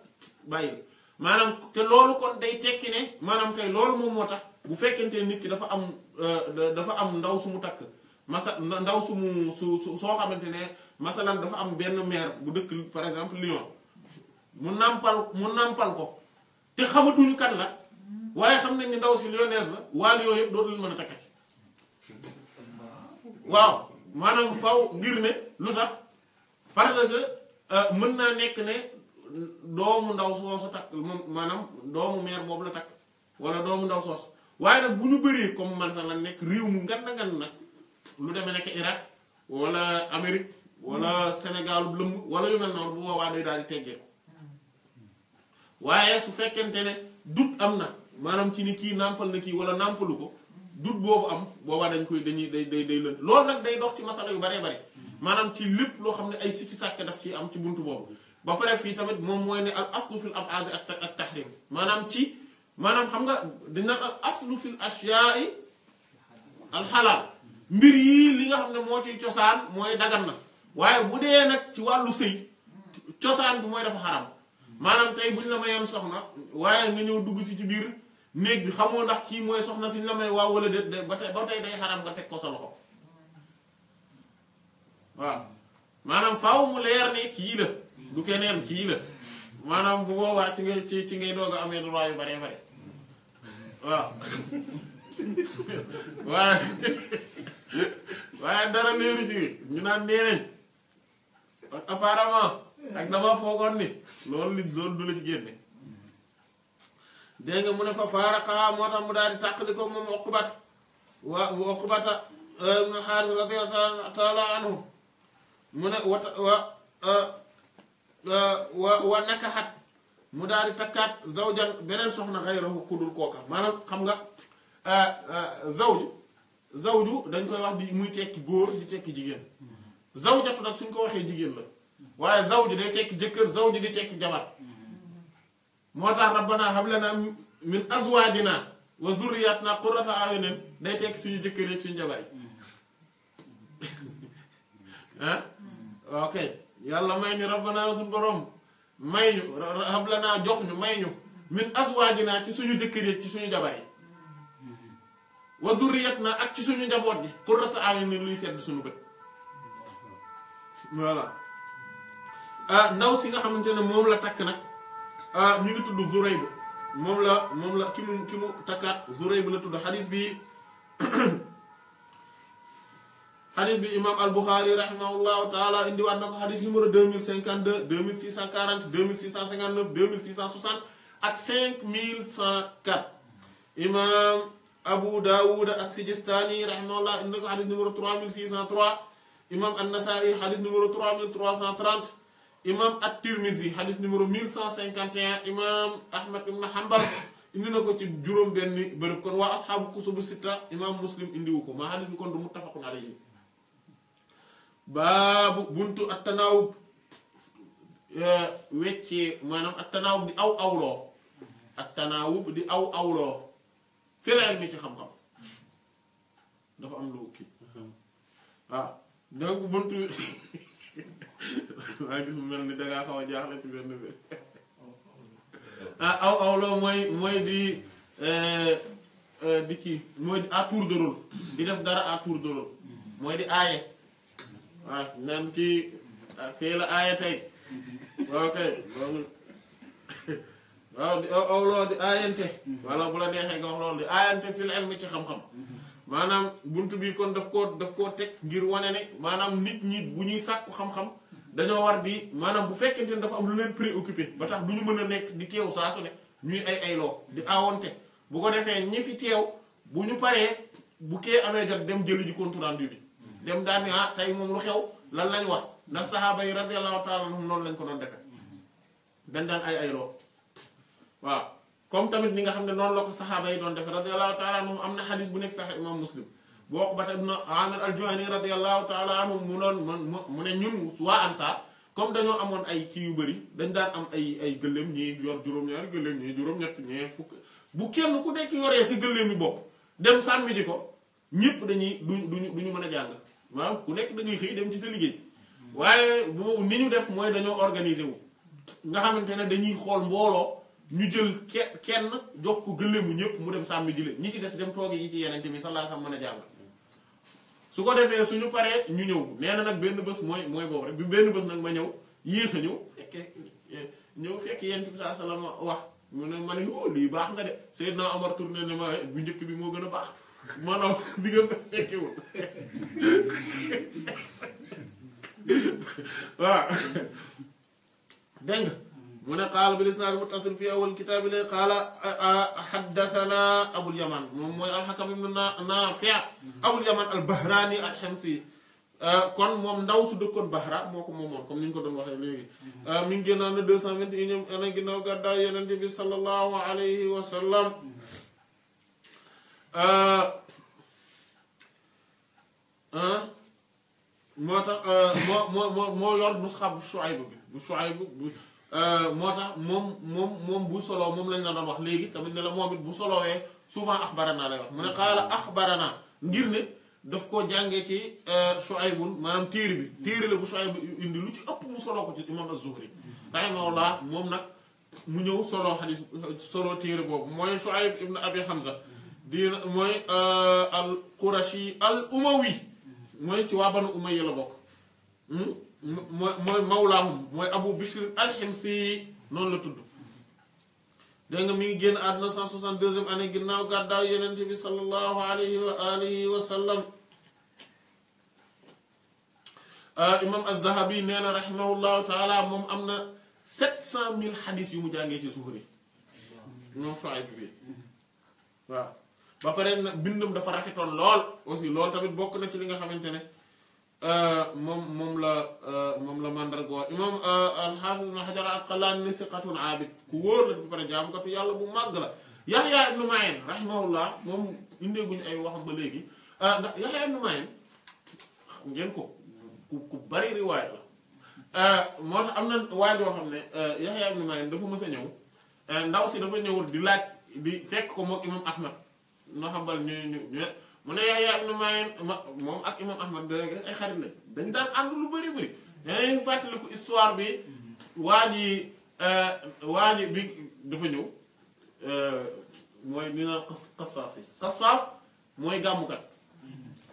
bàyyi maanaam te loolu kon day tekki ne maanaam tey loolu moom moo tax bu fekkente ne nit ki dafa am euh, dafa am ndaw su mu takk masa ndaw su mu su soo xamante ne masalan dafa am benn maire bu dëkk par exemple Lyon mu nàmpal mu nàmpal ko te xamatuñu kan la waaye xam nañ ni ndaw si lyonnaise la waa Lyon yëpp dootu leen mën a takkati waaw maanaam faw ngir ne lu tax Euh, mën naa nekk ne doomu ndaw soosu takk moom maanaam doomu meer boobu la takk wala doomu ndaw soosu waaye nag bu ñu bëree comme man la nekk réew mu ngan na ngan nag lu demee nekk Irak wala Amérique wala Sénégal lëmb wala yu mel noonu bu boobaa day daal di teggeeku waaye su fekkente ne dut am na maanaam ci ni kii nàmpal na kii wala nàmpalu ko dut boobu am boobaa dañ koy dañuy day day day lënt loolu nag day dox ci masala yu baree bari manam ci lépp lo xamne ay sikki sàkk daf ci am ci buntu bobu ba pare fi tamit mom moy ne al aslu fil ab'ad ak ak tahrim manam ci manam xam nga dina al aslu fil ashya'i al halal mbir yi li nga xamne mo ci ciosan moy mooy dagan na waye budé nak ci walu sëy ciosan bu moy dafa haram manam tay buñ la mayoon soxna waye nga ñëw dugg ci ci bir néeg bi xamoo ndax ki moy soxna si ñu la may waaw wala de ba tay ba tey day haram nga tek ko sa loxo waaw maanaam faaw mu leer ne kii la du keneen kii la maanaam bu boobaa ci ngay ci ci ngay doog a amee droit yu bare bare waaw waaye waaye dara leeru ci ñu naan nee nañ apparemment ak dama foogoon ni loolu li loolu du la ci génne dégg mu ne fa faaraqa moo tax mu daan di tàqali ko moom uqbat wa uqbata euh, ibn al-Haaris radiyallahu taala anhu mu ne wa wa mu daal di takkaat zawjan beneen soxna xayrahu kudul kooka maanaam xam nga zawju zawju dañ koy wax di muy tekki góor di tekki jigéen zawjatu nag suñ ko waxee jigéen la waaye zawju day tekki jëkkër zawju di tekki jabar moo tax rabbana hab lana min azwajina wa zurriyaatina qurrata a'yunin day tekki suñu jëkkër yi suñu jabar yi waaw yàlla may ni rabbanaa suñu borom may ñu rablanaa jox ñu may ñu min aswaajinaa ci suñu jëkkër yi ci suñu jabar yi wa zurriyatnaa ak ci suñu njaboot gi qurrata ni luy sedd suñu bët voilà ah, ndaw si nga xamante ne moom la takk nag ñu ah, ngi tudd Zurayb moom la moom la ki mu ki mu takkaat Zurayb la tudd xalis bi hadith bi imam al bukhari rahimahullahu taala indi waat nako hadith numero numéro 2052 2640 2659 2660 ak 5104 imam abu Dawud as sijistani rahimahullah indi nako hadith numero 3603 imam an Nasai hadith numero 3330 imam at-tirmizi hadith numero 1151 imam ahmad ibn hanbal indi nako ci juróom ben beurep kon wa ashabu kusubu sita imam muslim indi wuko ma hadith bi kon du muttafaqun alayhi bu buntu ak tanaawub eh, weccee maanaam ak tanaawub di aw awloo ak tanaawub di aw awloo firaal mi ci xam-xam dafa am lu kii waaw ah, donc buntu maa gis mu mel ni dangaa xaw a jaaxle ci benn bi ah aw awloo mooy mooy di eh, eh, di mooy à tour de di def dara à tour de mooy di aaye waaw ah, nan ci ah, fii la aaya tey waaw kay loolu waaw aw di aayante wala bu la deexee nga wax loolu di aayante fil ilmi ci xam-xam maanaam bunt bii kon daf koo daf koo teg ngir wane ne maanaam nit ñi bu ñuy sàkku xam-xam dañoo war di maanaam bu fekkee fekkente ne dafa am lu leen préoccupé ba tax du ñu mën a nekk di teew saa su ne ñuy ay ay di aawante bu ko defee ñi fi teew bu ñu paree bu kee amee jot dem jëli ji compte rendu bi dem daan ne ah tey moom lu xew lan lañ wax ndax sahaba yi radiyallahu taala anhum noonu lañ ko don defal dañ daan ay ay loo wa comme tamit ni nga xamne non la ko sahaba yi don def radiyallahu taala mom amna na bu nek sahih imam muslim boo ko bata ibn amir al-Juhani radiyallahu taala mu non mu ne ñun wa ansaar comme dañu amone ay ci yu bari dañ daan am ay ay gëléem ñi yor juróom ñaar gëléem ñi juróom ñet ñee fuk bu kenn ku nek yoré si gëléem mi dem sammi ji ko ñëpp dañuy duñu duñu mëna jàng maanaam ku nekk da ngay xëy dem ci sa liggéey waaye bu ni ñu def mooy dañoo organiser wu nga xamante ne dañuy xool mbooloo ñu jël kenn jox ko gëléemu ñëpp mu dem sàmmi ji ñi ci des dem tooge yi ci yeneen bi sallallahu alayhi wasallam a jàll su ko defee suñu paree ñu ñëw nee nag benn bés mooy mooy boobu rek bi benn bés nag ma ñëw yéex a ñëw fekkee eh, ñëw fekk yeneen bi sallallahu alayhi wasallam wax mu ne man ne oh lii baax na de Seydina Omar tourné ne ma bu njëkk bi moo gën a baax. maanaam di nga deng, mana dégg nga mu ne muttasil fi awal kitab la qaala xaddasana abul yaman moom mooy alxakam ibnu naafi abul yaman al bahraani al xemsi kon moom ndaw su dëkkoon Bahra moo ko comme ni ko doon waxee léegi mi ngi génnaan na deux cent vingt sallallahu alayhi wa sallam moo tax moo moo moo moo yor musxaf bu Shuayb bi bu Shuayb bu moo tax moom moom moom bu soloo moom lañ la doon wax léegi tamit ne la moom it bu solowee souvent axbarana lay wax mu ne xaala axbarana ngir ne daf koo jàngee ci Shuaybul maanaam téere bi téere la bu Shuayb indi lu ci ëpp mu soloo ko ci imam az-Zuhri rahimahullah moom nag mu ñëw soloo xadis soloo téere boobu mooy Shuayb ibn Abi Hamza دين موي ا القرشي الاموي موي تي وابن اميه لا بوك موي مولاهم موي ابو بشير الحمصي نون لا تود دغ مي ген ادنا 162 اني غيناو غدا يننتي بي صلى الله عليه واله وسلم ا امام الذهبي نانا رحمه الله تعالى موم امنا 700000 حديث يمو جانغي تي سوري نو فاي بي واه ba pare nag bindam dafa rafetoon lool aussi loolu tamit bokk na ci li nga xamante ne euh, moom moom la euh, moom la mandargoo imam euh, alxaafis ibn xajar asqalaani ni siqatun aabid ku wóor la ba pare jaamukatu yàlla bu màgg la yaxya ibnu mayen rahimahullah moom indeeguñu ay waxam ba léegi ndax mayen ngeen ko ku ku bari riwaay la moo tax am na waa joo xam ne yaxya ibnu mayen dafa mës ñëw ndaw si dafa ñëwul di laaj di fekk ko mook imam ahmad ibn Hanbal ñu ñu ñu mu ne Yahya ibn Ma'in moom ak imam Ahmad da ay dañ daan ànd lu bëri bëri danañ fàttaliku histoire bi waa ji euh, waa ji bi dafa ñëw euh, mooy dina kasaas yi kasaas mooy gàmmukat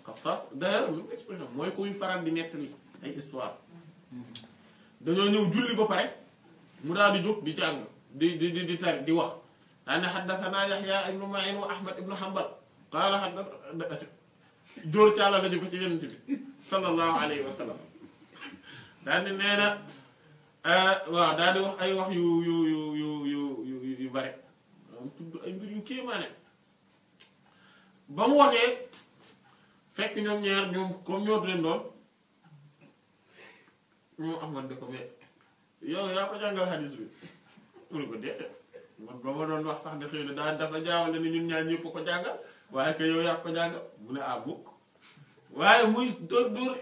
kasaas d'ailleurs même expression mooy kuy faral di nettali ay histoire dañoo ñëw julli ba pare mu daal di jóg di jàng di di di tari di wax أنا حدثنا يحيى ابن معين وأحمد ابن حنبل قال حدث دور تعالى نجيب تجنب صلى الله عليه وسلم داني نينا وا داني واخ اي واخ يو يو يو يو يو يو يو بار تود اي مير يو كي مان بام واخي فك نيوم نيار نيوم كوم نيو درين دون نيو احمد دكو مي يو يا با جانغال حديث بي مولو ديتا man ba ma doon wax sax ne xëy na daa dafa jaawale ne ñun ñaar ñëpp ko jàngal waaye que yow yaa ko jàngal mu ne ah waaye muy dóor dóor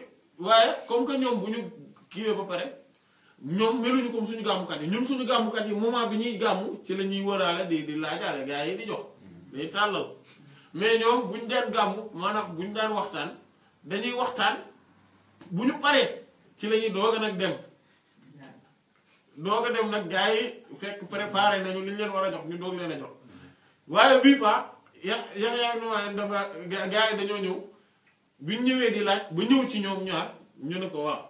waaye comme que ñoom bu ñu kiiwee ba pare ñoom meluñu comme suñu gàmmukat yi ñun suñu gàmmukat yi moment bi ñuy gàmmu ci la ñuy waraale di di laajaale gars yi di jox day tàllal mais ñoom bu ñu daan gàmmu maanaam bu ñu daan waxtaan dañuy waxtaan bu ñu paree ci la ñuy doog a nag dem. doog a dem nag gaa yi fekk préparé nañu li ñu leen war a jox ñu doog leen a jox waaye bii pa ya yax yax nuwaaye dafa gars yi dañoo ñëw biñ ñëwee di laaj ba ñëw ci ñoom ñaar ñu ne ko waaw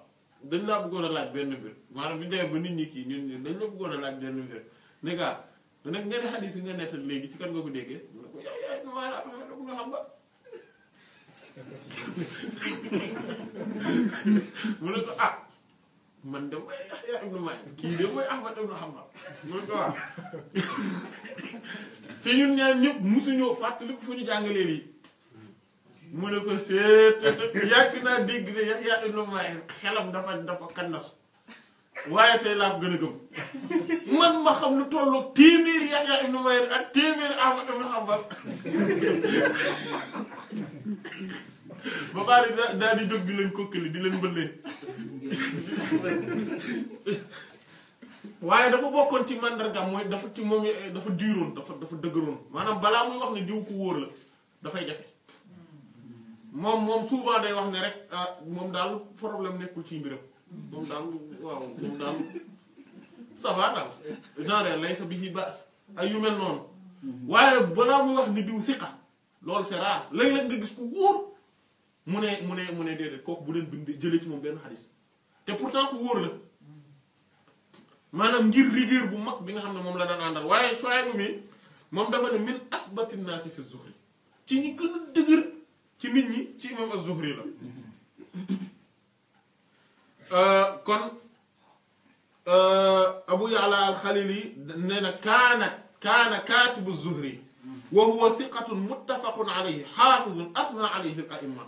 dañ laa bëggoon a laaj benn mbir maanaam bu ñu demee ba nit ñi kii ñun dañ la bëggoon a laaj benn mbir ne gaa nag ñeneen yi nga nettal léegi ci kan nga ko déggee mu ne ko yaay yaay maanaam nga xam ba mu ne ko ah man de mooy Yaxya ibnu Maïn kii de mooy Ahmad ibnu Hanbal mun ko wax te ñun ñaar ñëpp musuñoo fàttali fu ñu jàngalee lii mu ne ko seet yàgg naa dégg ne Yaxya ibnu Maïn xelam dafa dafa kannasu waaye tey laa gën a gëm man ma xam lu tollu téeméer Yaxya ibnu Maïn ak téeméer Ahmad ibnu Hanbal ba pare da di jog di leen kokkali di leen bëllee waaye dafa bokkoon ci mandarga moy dafa ci mom eh, dafa diiroon dafa dafa dëgëroon manam bala muy wax ni diw ko wor la fay jafe Mom mom souvent day wax ni rek ah, mom dal problème nekul ci mbiram mom dal waaw mom dal ça va dal genre lay sa bihi ay yu mel non waye bala muy wax ni diw siqa lol c'est rare léeg nga gis ko wor mune mune mune ne mu ne déedéet kooku bu leen bind jëlee ci moom benn xadis te pourtant ku wóor la maanaam ngir rigueur bu mak bi nga xam ne moom la daan àndal waaye Shuayb mi moom dafa ne min asbatin naasi fi zuhri ci ñi gën a ci nit ñi ci imam az-zuhri la kon abu ya'la al-khalili nee kana kana katib az-zuhri وهو ثقة متفق عليه حافظ أثنى عليه alayhi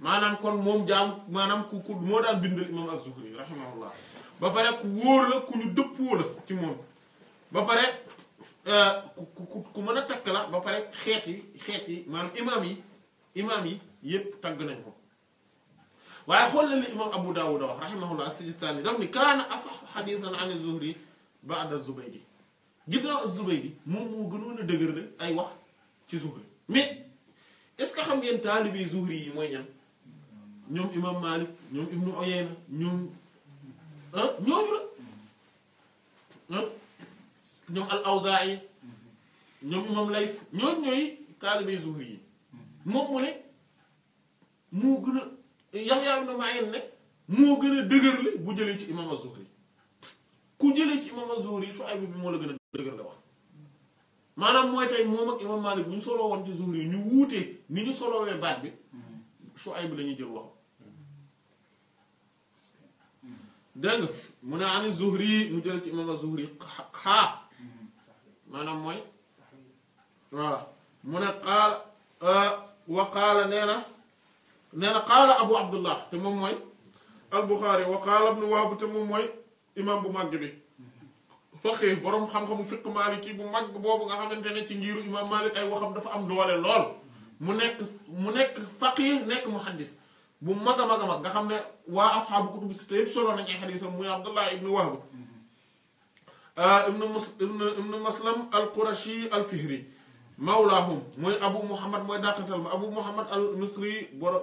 maanaam kon moom jaam maanaam ku ku moo daan bindal imam az-Zuhri rahimahullah ba pare ku wóor la ku ñu dëppoo la ci moom ba pare euh, ku ku ku mën a takk la ba pare xeet yi xeet yi maanaam imaam yi imaam yi yépp tagg nañ ko waaye xool la li imam Abu Dawud wax rahimahullah as yi daf ni kaana asaxu xadisan an az-Zuhri ba'da az-Zubaydi ginnaaw az-Zubaydi moom moo gënoon a dëgër ay wax ci Zuhri mais est ce que xam ngeen taalibi Zuhri yi mooy ñan ñoom imam Malik ñoom Ibnu Uyayna ñoom ah ñooñu la ah ñoom al-Awzaa'i ñoom imam Lays ñooñu ñooy taalibe Zuhri yi moom mu ne moo gën a Yahya ibn Ma'in ne moo gën a dëgër bu jëlee ci imam az-Zuhri ku jëlee ci imam az-Zuhri Shu'ayb bi moo la gën a dëgër la wax maanaam mooy tey moom ak imam Malik bu ñu soloo woon ci Zuhri yi ñu wuutee ni ñu solowee baat bi Shu'ayb bi la ñuy jël wax dégg nga mu ne ani zuhri mu jël ci imam az-zuhri xaa maanaam mooy voilà mu ne qaala euh, wa qaala nee na nee na qaala abu abdullah te moom mooy al-buxaari wa qaala ibnu wahb te moom mooy imam bu màgg bi faqih boroom xam-xamu fiq maaliki bu màgg boobu nga xamante ne ci ngiiru imam malik ay waxam dafa am doole lool mu nekk mu nekk faqih nekk muhaddis bu maga maga mag nga xamne wa waa asxaabu kutubu sitta yëpp solo nañ ay xadiisam muy abdullah ibn wahb ibn muslim ibnu maslam al qurashi al fihri mawlahum moy abu muhammad moy daqatal abu muhammad al misri boro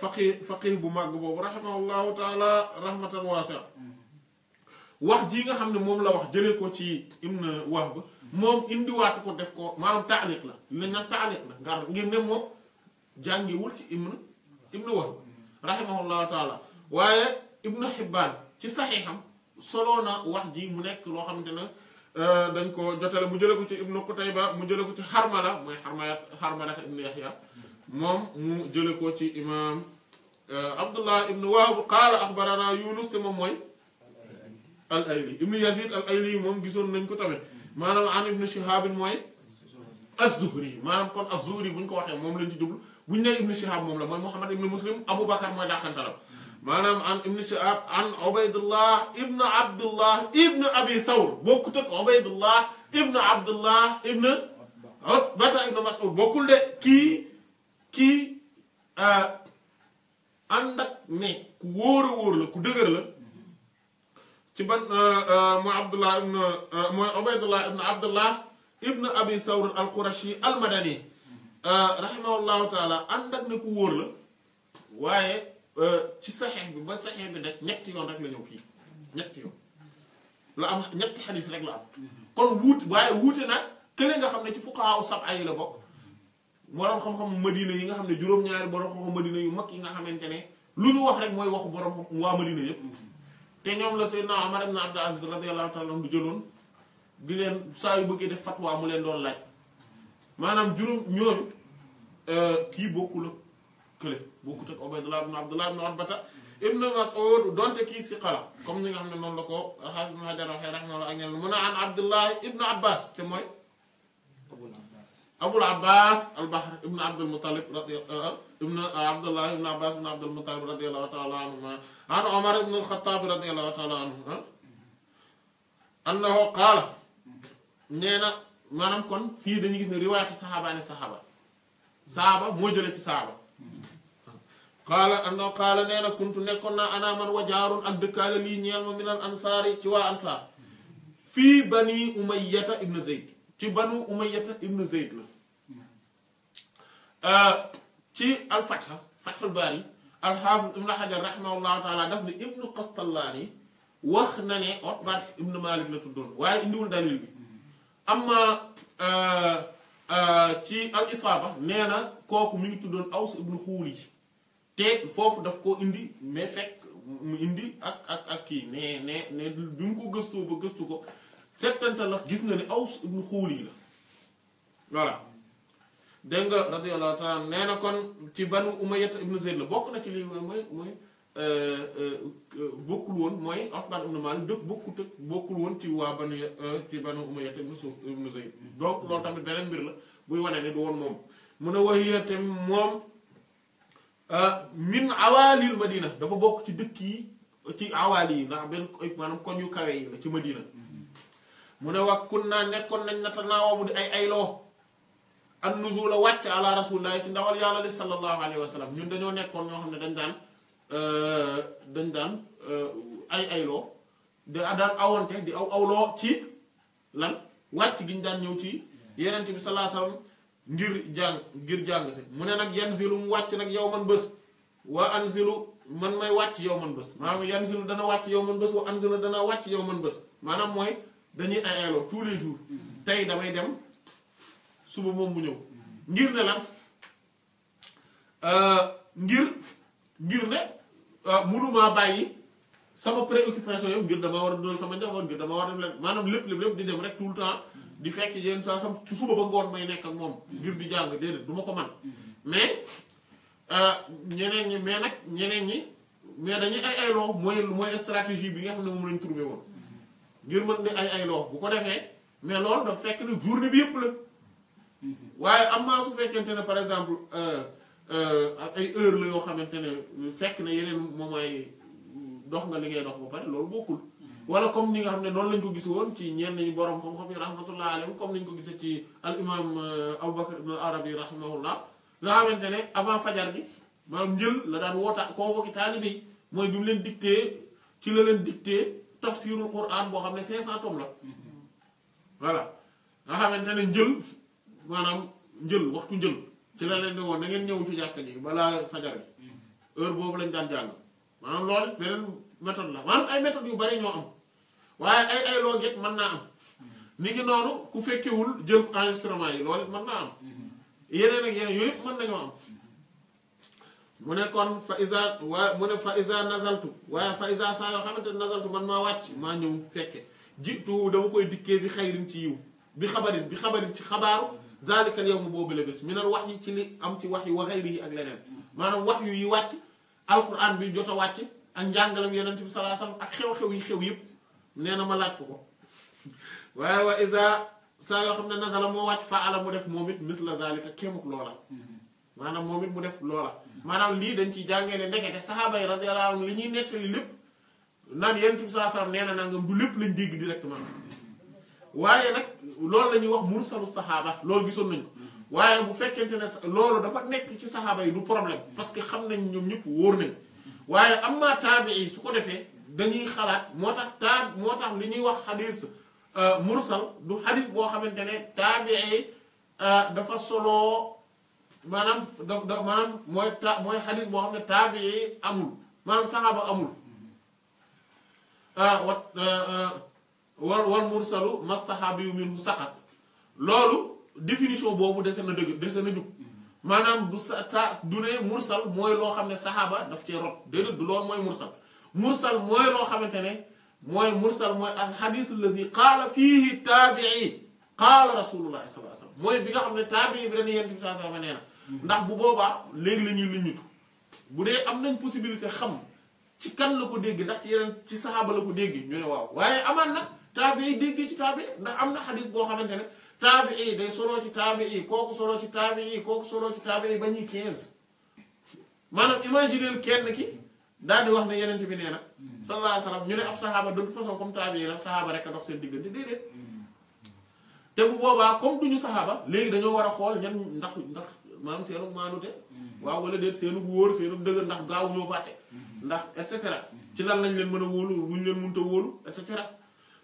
faqih faqih bu mag bob rahmalahu taala rahmatan wasi wax ji nga xamne mom la wax jele ko ci ibn wahb mom indi wat ko def ko manam ta'liq la li ñu naan la ngar ngir ne moom jàngewul ci ibn ibnu wahb rahimahullahu taala waaye ibnu xibbaan ci saxiixam soloo na wax ji mu nekk loo xamante ne dañ ko jotale mu jële ko ci ibnu qutayba mu jële ko ci xarmala mooy xarmala xarmala ibnu yaxya moom mu jële ko ci imaam abdullah ibnu wahb qaala axbarana yunus te moom mooy al ayli ibnu yazid al ayli moom gisoon nañ ko tamit maanaam an ibnu shihaabin mooy az-zuhri maanaam kon az-zuhri bu ko waxee moom lañ ci jublu bu ñu nee ibnu shihab moom la mooy muhammad ibnu muslim aboubacar mooy dàqantalam maanaam an ibnu shihab an obaydullah ibnu abdullah ibnu abi thawr bokkut ak obaydullah ibnu abdullah ibnu utbata ibnu mas'ud bokkul de kii kii euh, ànd ak ne ku wóor a wóor la ku dëgër la ci ban euh, euh, mooy abdullah ibnu mooy obaydullah ibnu abdullah ibnu abi thawr al qurashi al madani Euh, rahimahullahu taala ànd ak ne ku wóor la waaye euh, ci saxeex bi ba saxeex bi nag ñetti yoon rek la ñëw kii ñetti yoon la am ñetti xadis rek la am kon wuute waaye wuute nag kële nga xam ne ci fuqahaa sab'a yi la bokk boroom xam-xamu madina yi nga xam ne juróom-ñaari boroom xam madina yu mag yi nga xamante ne lu ñu wax rek mooy waxu boroom xam waa madina yépp te ñoom la Seydina Umar ibn Abdul Aziz radiyallahu taala du jëloon di leen saa yu bëggee def fatwa mu leen doon laaj maanaam juróom ñooñu euh, kii bokkul ak kële bokkut ak Ubaydullah ibn Abdullah ibn Utbata ibn Mas'ud donte kii si xala comme ni nga xam ne noonu la ko alxaas ibn Hajar waxee rahimahullah ak ñeneen mun a an Abdullah ibn Abbas te mooy Abul Abbas al-Bahr ibn Abdul Muttalib euh, ibn euh, Abdullah ibn Abbas ibn Abdul Muttalib radiyallahu ta'ala anhuma an Omar ibn al-Khattab radiyallahu ta'ala anhu annahu qaala nee na manam kon fi dañu gis ni ne sahaba ni sahaba sahaba mo jole ci sahaba qala anna qala nena kuntu nekkoon ana man wajarun ak dëkkaale li ñeel ma minal ansaari ci wa ansar fi bani umayyata ibn zayd ci banu umayyata ibn zayd la euh ci al fatha alfatha bari al hafiz ibn hajar raximahullahu taala daf ni ibn qastallaani wax na ne ibn malik la tuddoon waaye indiwul dalil bi amma euh, euh, ci al isaaba nee na kooku mi ngi tuddoon aws ibnu xuuli te foofu daf ko indi mais fekk mu indi ak ak ak kii ne ne ne bi mu ko gëstoo ba gëstu ko settanta la gis nga ni aws ibnu xuuli la voilà dégg nga radiyallahu taala nee na kon ci banu umayyata ibnu zayd la bokk na ci lii mooy mooy Euh, euh, euh, bokkul woon mooy Utba ibn Malik dëkk bokkut ak bokkul woon ci waa banu ci banu Umayya ibn Zayd donc loolu tamit beneen mbir la buy wane ne du woon moom mu ne wahiya tamit moom min awaalil Madina dafa bokk ci dëkk yi ci awaal yi ndax benn maanaam koñ yu kawe yi la ci Madina mu ne wax kun naa nekkoon nañ nata naawoomu di ay ayloo an la wàcc ala rasulillahi ci ndawal yàlla li sallallahu alayhi wa ñun dañoo nekkoon ñoo xam ne dañ Euh, dañ daan euh, ay ayloo da daan awante di aw awloo ci lan wàcc gi ñu daan ñëw ci yenent bi salaa ngir jàng ngir jàng si mu ne nag yan zilu mu wàcc nag yow man bés waa an zilu man may wàcc yow man bés maanaam yan zilu dana wàcc yow man bés dana wàcc yow man maanaam mooy dañuy ay ayloo tous les jours tey damay dem suba moom mu ñëw ngir ne lan euh, ngir ngir ne Euh, mënumaa bàyyi sama préoccupation yëpp ngir damaa war a dundal sama njaboot ngir damaa war a def leen maanaam lépp lépp lépp di dem rek tout le temps di fekk yéen saa sam suba ba ngoon may nekk ak moom ngir di jàng déedéet du ma ko man mais euh, ñeneen ñi mais nag ñeneen ñi mais dañuy ay ay loo mooy mooy stratégie bi nga xam ne moom lañ trouvé woon ngir mën ne ay ay loo bu ko defee mais loolu daf fekk ne journée bi yëpp la mm-hmm. waaye am naa su fekkente ne par exemple euh, ak euh, ay heure la yoo xamante ne fekk na yeneen moment yi dox nga li ngay dox ba pare loolu bokkul wala comme ni nga xam ne noonu lañ ko gis woon ci ñenn ñi borom xam-xam yi rahmatullah alayhi comme niñ ko gisee ci al imam euh, Abu Bakr ibn Arabi rahimahullah nga xamante ne avant fajar bi maanaam njël la daan woota convoqué taalibe yi mooy bi leen dicté ci la leen dicté tafsirul Qur'an boo xam ne 500 tomes la mm-hmm. voilà nga xamante ne njël maanaam njël waxtu njël. ci la leen di woon na ngeen ñëw ci jàkka ji balaa fajar bi mm-hmm. heure boobu lañ daan jàng maanaam loolu beneen méthode la maanaam ay méthodes yu bari ñoo am waaye ay ay loo get mën naa am mm-hmm. ni ki noonu ku fekkewul jël enregistrement yi loolu mën naa am mm-hmm. yeneen ak yeneen yooyu mën nañoo am mu ne kon fa isa waaye mu ne fa isa waaye fa isa saa yoo xamante nazaltu man maa wàcc maa ñëw fekke jiitu dama koy dikkee bi xayrin ci yiw bi xabarin bi xabarin ci xabaaru zaalika yawmu boobu la bés minal wax yi ci li am ci wax yi wa xayrihi ak leneen maanaam wax yu yi wàcc alquran bi jot a wàcc ak njàngalam yonent bi salaa sallam ak xew-xew yi xew yëpp nee na ma laaj ko ko waaye wa isa saa yoo xam ne nasala moo wàcc fa ala mu def moom it misla zaalika kéemuk loola maanaam moom it mu def loola maanaam lii dañ ciy jàngee ne ndekete saxaaba yi radiyallahu anhum li ñuy nettali lépp naan yonent bi salaa sallam nee na nangam du lépp lañ dégg directement waaye nag loolu la wax mursalu sahaba loolu gisoon nañ ko waye bu fekkente ne loolu dafa nek ci sahaba yi du problème parce que xam nañ ñom ñep wóor nañ waye amma tabi'i su ko defé dañuy xalaat motax tab motax li ñuy wax hadith euh mursal du hadith bo xamantene tabi'i euh dafa solo manam manam moy moy hadith bo mooy tabi'i boo xam ne amul maanaam saxaaba amul wal wal mursalu mas saxaabiyu minhu saqat loolu définition boobu dese na dëgg dese na jug maanaam du sa ta du ne mursal mooy loo xam ne saxaaba daf cee rot déedéet du loolu mooy mursal mursal mooy loo xamante ne mooy mursal mooy al xadis alladi qaala fiihi taabii qaala rasulullahi sallallahu alayhi wasallam mooy bi nga xam ne taabii bi dañuy yent bi sallallahu alayhi wasallam nee na ndax bu boobaa léegi la ñuy luññutu bu dee am nañ possibilité xam ci kan la ko dégg ndax ci yeneen ci saxaaba la ko dégg ñu ne waaw waaye amaan taabi yi déggee ci taabi ndax am na xadis boo xamante ne taabi yi day soloo ci taabi yi kooku soloo ci taabi yi kooku soloo ci yi ba ñuy 15 maanaam imaginer kenn ki daal di wax ne yeneen bi nee na sallallahu alayhi ñu ne ab saxaaba de toute façon comme taabi yi la saxaaba rek a dox seen diggante déedéet. te bu boobaa comme duñu saxaaba léegi dañoo war a xool ñan ndax ndax maanaam seenug maanute waaw wala déet seenug wóor seenug dëgër ndax gaaw ñoo fàtte ndax et cetera ci lan lañ leen mën a wóolu buñ leen mënta wóolu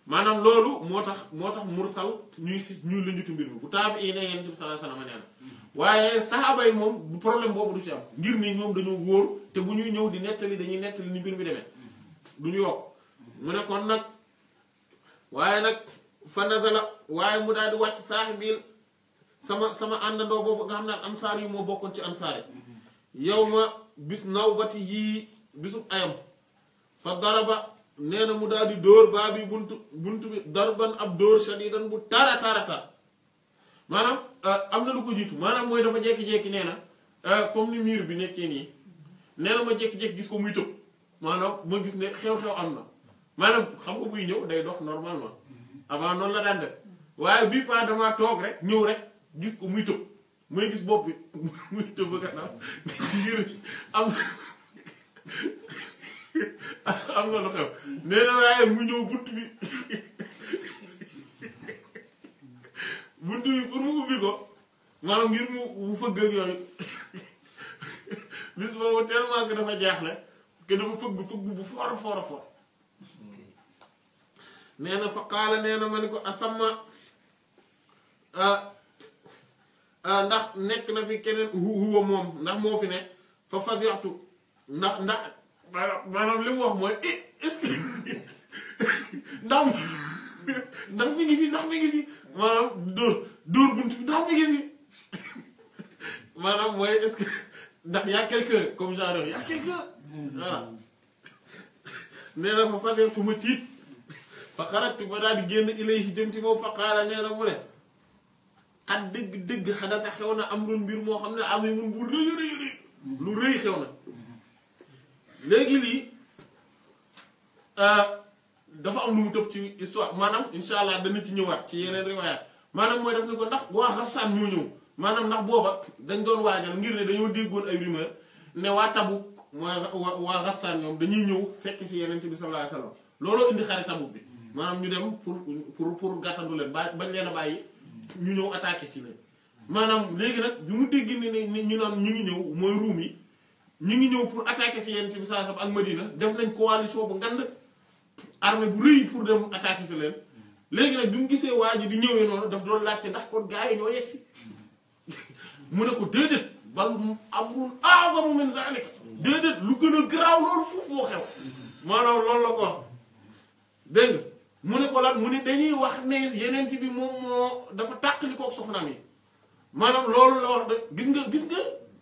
maanaam loolu moo tax moo tax mursal ñuy si ñuy lëñutu mbir mi bu taabi ne yonent bi sallallahu alayhi wa sallam nee na mm-hmm. waaye moom problème boobu du ci am ngir ni dañoo wóor te bu ñuy ñëw di nettali dañuy nettali ni mbir mi demee mm-hmm. du ñu yokk mu nekkoon nag waaye nag fa nazala waaye mu daal di wàcc saaxibil sama sama àndandoo boobu nga xam ne ansaar yu moo bokkoon ci ansaar yi mm-hmm. yow ma bis nawbati yii bisu ayam fa daraba nee na mu daal di dóor baa bi bunt bunt bi ban ab dóor shadidan bu tara tara tar maanaam euh, am na lu ko jiitu maanaam mooy dafa jekki-jekki nee na euh, comme ni miir bi nekkee nii nee na ma jekki-jekki gis ko muy tëb maanaam ma gis ne xew-xew am na maanaam xam nga buy ñëw day dox normalement avant noonu la daan rek ñëw rek gis ko muy tëb muy gis bopp am am na lu xew nee waaye mu ñëw bunt bi bunt bi pour mu ubbi ko maanaam ngir mu fëgg ak yooyu bis boobu tellement que dafa jaaxle que dafa fëgg fëgg bu foor foor foor nee na fa qaala nee ma ni ko asamma ndax nekk na fi keneen huwa moom ndax moo fi ne fa fas yaxtu ndax ndax maanaam li mu wax mooy eh est-ce que ndax ndax mi ngi fi ndax mi ngi fi maanaam dóor dóor bunt bi ndax mi ngi fi maanaam mooy est-ce que ndax y a quelqu'un comme genre y a quelqu'un voilà nee na fa fasee fu ma tiit fa xarajtu ba daal di génn ilayhi jëm ci moom fa qaala nee na mu ne xat dëgg dëgg xadasa xew na amrun mbir moo xam ne azimun bu rëy rëy rëy lu rëy xew na léegi lii euh, dafa am lu mu tëb ci histoire maanaam incha allah dana ci ñëwaat ci yeneen riwaayaat maanaam mooy def ni ko ndax waa Xasaan ñoo ñëw maanaam ndax booba dañ doon waajal ngir ne dañoo déggoon ay rumeur ne waa Tabuk mooy waa Xasaan ñoom dañuy ñëw fekk si yeneen bi sallallahu alayhi wasallam looloo indi xare Tabuk bi maanaam ñu dem pour pour pour gàttandu leen ba bañ leen a bàyyi ñu ñëw attaqué si leen maanaam léegi nag bi mu dégg ni ne ñu naan ñu ngi ñëw ñi ngi ñëw pour attaquer si yonent bi sallallahu alayhi wasallam ak Madina def nañ coalition bu ngand armée bu rëy pour dem attaquer si leen léegi nag bi mu gisee waa ji di ñëwee noonu daf doon laajte ndax kon gars yi ñoo yegsi mu ne ko déedéet bal amrun a'zamu sa zalika déedéet lu gën a garaaw loolu foofu moo xew maanaam loolu la ko ne ko lan mu ne dañuy wax ne yeneen bi moo dafa tàqali kook soxnaam yi maanaam loolu la gis nga gis nga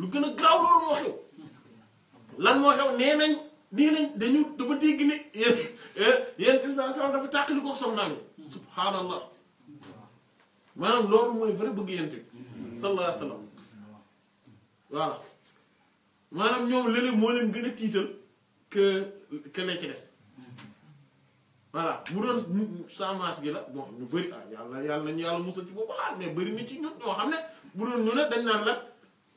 lu gën a garaaw loolu moo xew lan moo xew nee nañ nii nañ dañu dafa dégg ne yéen eh, yéen bi saa salaam dafa tàqali ko soxnaam yi subhaanallah maanaam loolu mooy vrai bëgg yent bi sallallahu alayhi wa sallam voilà maanaam ñoom léeg-léeg moo leen gën a tiital que que lee ci des voilà bu doon semence gi la bon ñu bëri ah yàlla yàlla nañu musal ci boobu xaar mais bëri na ci ñun ñoo xam ne bu doon ñu ne dañ naan la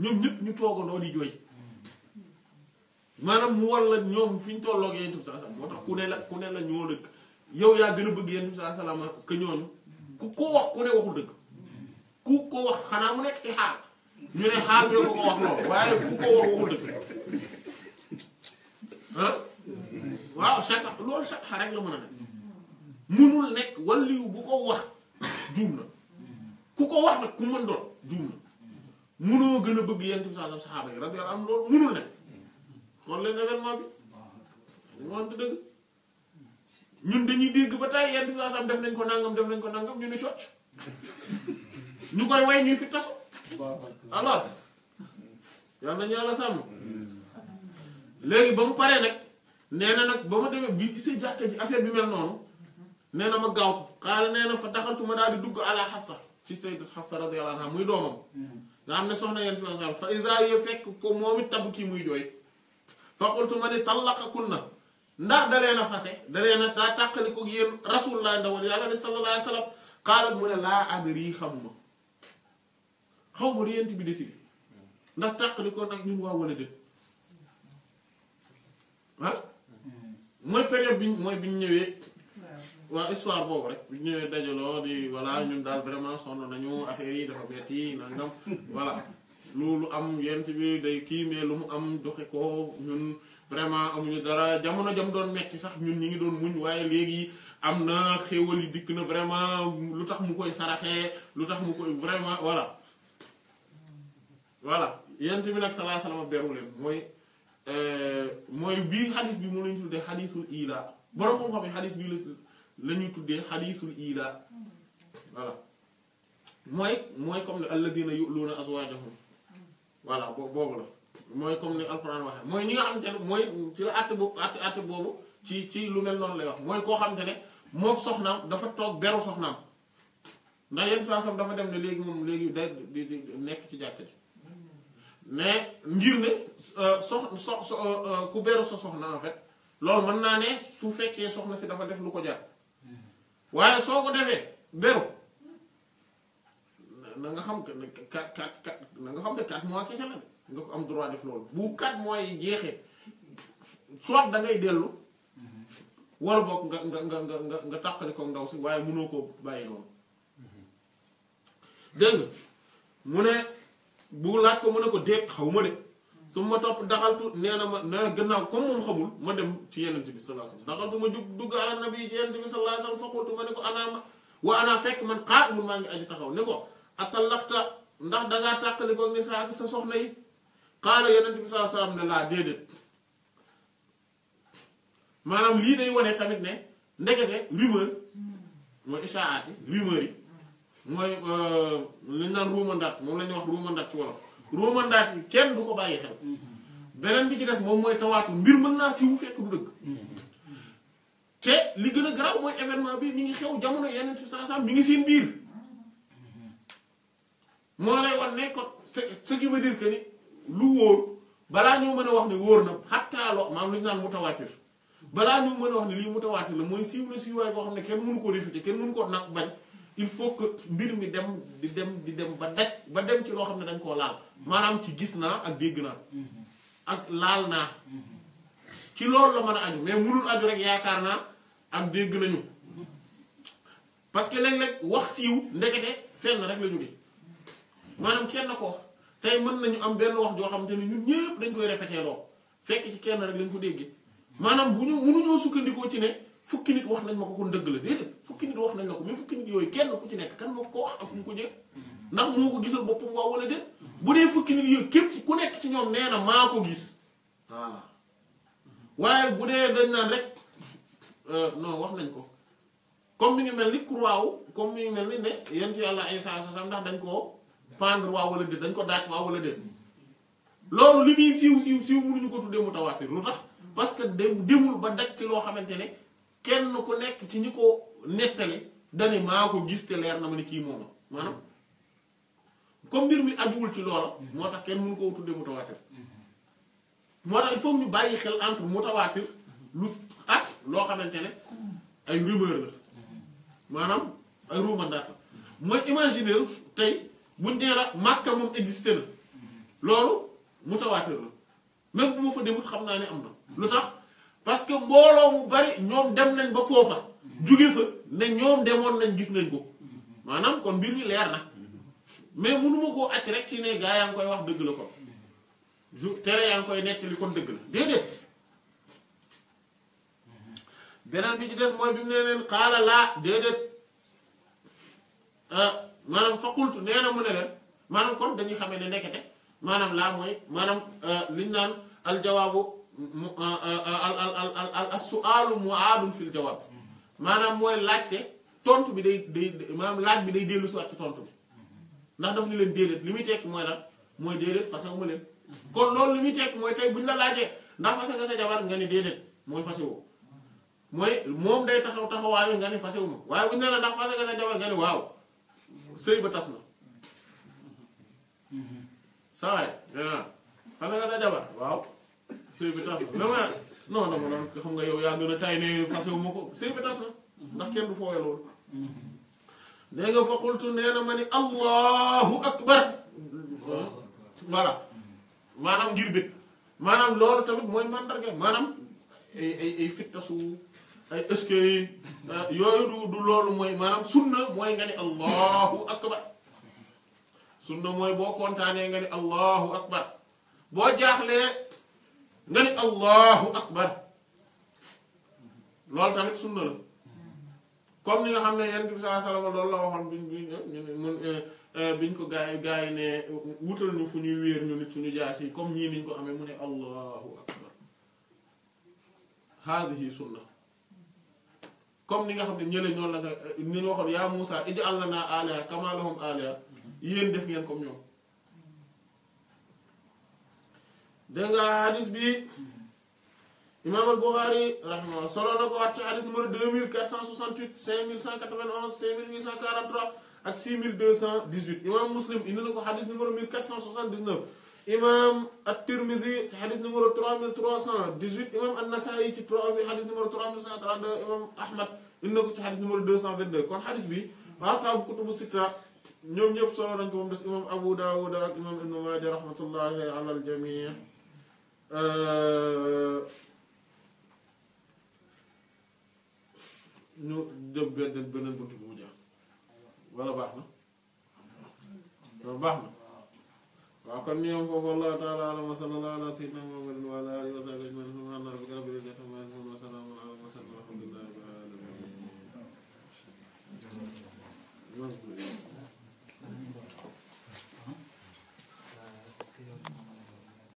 ñoom ñëpp ñu toogandoo di jooy maanaam mu war ñoom fi ñu tolloog yonent bi saa salaam moo tax ku ne la ku ne la ñoo dëgg yow yaa gën a bëgg yonent bi saa salaam que ñooñu ku ko wax ku ne waxul dëgg ku ko wax xanaa mu nekk ci xaal ñu ne xaal bi ko ko wax loolu waaye ku sax loolu sax rek la mën a nekk munul nekk waliyu bu ko wax juum na ku ko wax nag ku mën doon juum na. munoo gën a bëgg yonent bi sallallahu alayhi wa sallam saxaaba yi radiyallahu anhum loolu munul nekk xool leen événement bi dañu waxante dëgg dégg ba tey yonent def nañ ko nangam def nañ ko nangam ñu ne cocc koy way ñuy fi tasu alors yal nañu yàlla sàmm léegi ba mu paree nag nee na nag ba ma demee bi gisee jàkka ji affaire bi mel noonu nee na ma gaaw ko xaaral nee na fa daxaltu ma daal di dugg ala xasa ci sayyidat xasa radiyallahu anha muy doomam nga xam ne soxna yéen fi sal fa isa fekk ko moom it tabu kii muy jooy fa qultu ma ne na ndax da leen a fase da leen a daa tàqali ko yéen rasulullah ndawal yàlla de sallallahu alayhi wa sallam xaalat mu ne laa adri xamuma xaw ma yent bi décidé ndax tàqali ko nag ñun waa wala dén hmm. mooy période bi mooy bi ñëwee waaw histoire boobu rek ñu ñëwee dajaloo di voilà ñun daal vraiment sonn nañu affaire yi dafa metti nangam voilà loolu am yent bi day kii mais lu mu am joxe ko ñun vraiment amuñu dara jamono jam doon metti sax ñun ñu ngi doon muñ waaye léegi am na xéwal yi dikk na vraiment lu tax mu koy saraxee lu tax mu koy vraiment voilà voilà yent bi nag salaa salama beru leen mooy euh, mooy bii xadis bi mu lañ tuddee xadisul ila borom xam-xam yi xadis bii la la ñuy tuddee xadiisul ila voilà mooy mooy comme ne alladina yu'luuna azwaajahum voilà boobu la mooy comme ni alquran waxee mooy ñi nga xamante ne mooy ci la àtte boobu àtte àtte ci ci lu mel noon lay wax mooy koo xam xamante ne moom soxnaam dafa toog beru soxnaam ndax yenn saa sam dafa dem ne léegi moom léegi day di nekk ci jàkk ji mais ngir ne euh, sox so euh, euh, ku beru sa soxna en fait loolu mën naa ne su fekkee soxna si dafa def lu ko jar waaye soo ko defee beru na nga xam que ne quatre quatre quatre na nga xam ne quatre mois kese la nga ko am droit def loolu bu quatre mooy yi jeexee soit da ngay dellu wala boog nga nga nga nga nga nga tàqali ko ndaw si waaye mënoo koo bàyyi noonu dégg mu ne bu laaj ko mu ne ko déet xaw ma de su ma topp daxaltu nee na ma na gannaaw comme moom xamul ma dem ci yenent bi sallallahu alayhi wasallam daxaltu ma jug dugg ala nabi ci yenent bi sallallahu alayhi wasallam faqultu ma ne ko anaa ma wa anaa fekk man qaa'im maa ngi aji taxaw ne ko atallaqta ndax dangaa tàqali ko ni sa ak sa soxna yi qaala yenent bi sallallahu alayhi wasallam ne laa déedéet maanaam lii day wane tamit ne ndekete rumeur mooy ishaati rumeur yi mooy euh, li ñu naan ruumandat moom la ñuy wax ruumandat ci wolof romandaat yi kenn du ko bàyyi xel beneen bi ci des moom mooy tawaatu mbir mën naa siwu fekk du dëgg te li gën a garaaw mooy événement bi mi ngi xew jamono yeneen su saa mi ngi seen biir moo lay wan ne kon ce qui veut dire ni lu wóor balaa ñu mën a wax ne wóor na xattaa loo maam lu ñu naan mutawaatir balaa ñu mën a wax ne lii mutawaatir la mooy siiw la siiwaay boo xam ne kenn mënu koo réfuté kenn mënu koo naq bañ il faut que mbir mi dem di dem di dem ba daj ba dem ci loo xam ne dañ koo laal maanaam ci gis naa ak dégg naa mm-hmm. ak laal naa mm-hmm. ci loolu la mën a aju mais munul aju rek yaakaar naa ak dégg nañu parce que léeg-léeg wax siiw ndekete fenn rek la jóge maanaam kenn ko wax tey mën nañu am benn wax joo xamante ni ñu ñëpp dañ koy répété loo fekk ci kenn rek lañ ko déggee maanaam bu ñu munuñoo sukkandikoo ci ne fukki nit wax nañ ma ko kon dëgg la déedéet fukki nit wax nañ la ko mais fukki nit yooyu kenn ku ci nekk kan moo ko wax ak fu mu ko jël ndax moo ko gisal boppam waaw wala déet bu dee fukki nit yooyu képp ku nekk ci ñoom nee na maa ko gis waaw ah. waaye bu dee dañ naan rek euh, non wax nañ ko comme ni ñu mel ni croix wu comme ni ñu mel ni ne yéen yàlla ay saa saa ndax dañ koo pendre waaw wala déet dañ ko daaj waaw wala déet loolu li muy siiw siiw siiw mënuñu ko tuddee mu tawaatir lu parce que dem demul ba daj loo xamante ne. kenn ku nekk ci ñi ko nettali dani maa ko gis te leer na ma ni kii moom maanaam comme mbir mi ajuwul ci loola moo tax kenn mënu koo tudde mutawatir moo tax il faut ñu bàyyi xel entre mutawatir lu ak loo xamante ne ay rumeur la maanaam ay ruumandaat la mooy imaginer tey buñ nee la màkka moom existé na loolu mutawaatir la même bu ma fa demut xam naa ne am na lu tax parce que mbooloo mu bari ñoom dem nañ ba foofa jóge fa ne ñoom demoon nañ gis nañ ko maanaam kon mbir mi leer na mais mënuma koo acc rek ci ne gaa yaa ngi koy wax dëgg la kon ju tere yaa ngi koy nettali kon dëgg la déedéet beneen bi ci des mooy bi mu nee leen xaala déedéet euh, maanaam fa qultu nee na mu ne leen maanaam kon dañuy xamee ne nekkete maanaam laa mooy maanaam euh, liñ naan aljawaabu mu euh, euh, euh, al al suaalu mu aadun maanaam mooy laajte tontu bi day day maanaam laaj bi day dellu si ci tontu bi ndax daf ni leen déedéet li muy tekki mooy lan mooy déedéet façon ma leen. kon loolu li muy tekk mooy tey bu ñu la laajee ndax fase nga sa jabar nga ni déedéet mooy fase woo mooy moom day taxaw taxawaayu nga ni fase wu ma waaye bu ñu la ndax fase nga sa jabar nga ni waaw sëy ba tas na. Mhm. saa ah, sa jabar waaw. sëy bi tas na vraiment non dama doon xam nga yow yaa gën a tay ne fase wu ma ko sëy bi tas na ndax kenn du fooyee loolu dégg nga fa xultu nee na ma ni allahu akbar voilà maanaam ngir bég maanaam loolu tamit mooy màndarga maanaam ay ay ay fittasu ay ëske ah, yooyu du du loolu mooy maanaam sunna mooy nga ni allahu akbar sunna mooy boo kontaanee nga ni allahu akbar boo jaaxlee nga ne allahu akbar loolu tamit sunna la comme ni nga xam ne yonent bi sallallahu alayhi wa sallam loolu la waxoon biñ biñ biñ ko gaay gaay ne wutal ñu fu ñuy wéer ñu nit suñu jaas yi comme ñii niñ ko amee mu ne allahu akbar haadihi sunna comme ni nga xam ne ñële ñoon la nga ni ñu waxoon yaa Muusa ij'al lanaa aaliha kamaa lahum aaliha yéen def ngeen comme ñoom dégg nga hadis bi imaam al Buxaari rahma solo na ko waat ci hadis numéro 2468 5191 5843 ak 6218 imaam Muslim indi na ko hadis numéro 1479 imaam at-Tirmidhi ci hadis numéro 3318 imaam an-Nasaa'i ci 3 bi hadis numéro 3132 imaam Ahmad indi na ko ci hadis numéro 222 kon hadis bi waa saabu kutubu sitta ñoom ñëpp solo nañ ko moom des Abu Dawud ak imaam Ibn rahmatullahi Euh, ñu jëm benn beneen bunt bu mu jeex wala baax na loolu baax na waaw kon ñu yem foofu wallahu taala alam wa sallallahu ala sayyidina muhammadin wa ala alihi wa sahbihi ajmain subhana rabbika rabbil izzati amma yasifun wa salamun ala mursalin walhamdulillahi rabbil alamin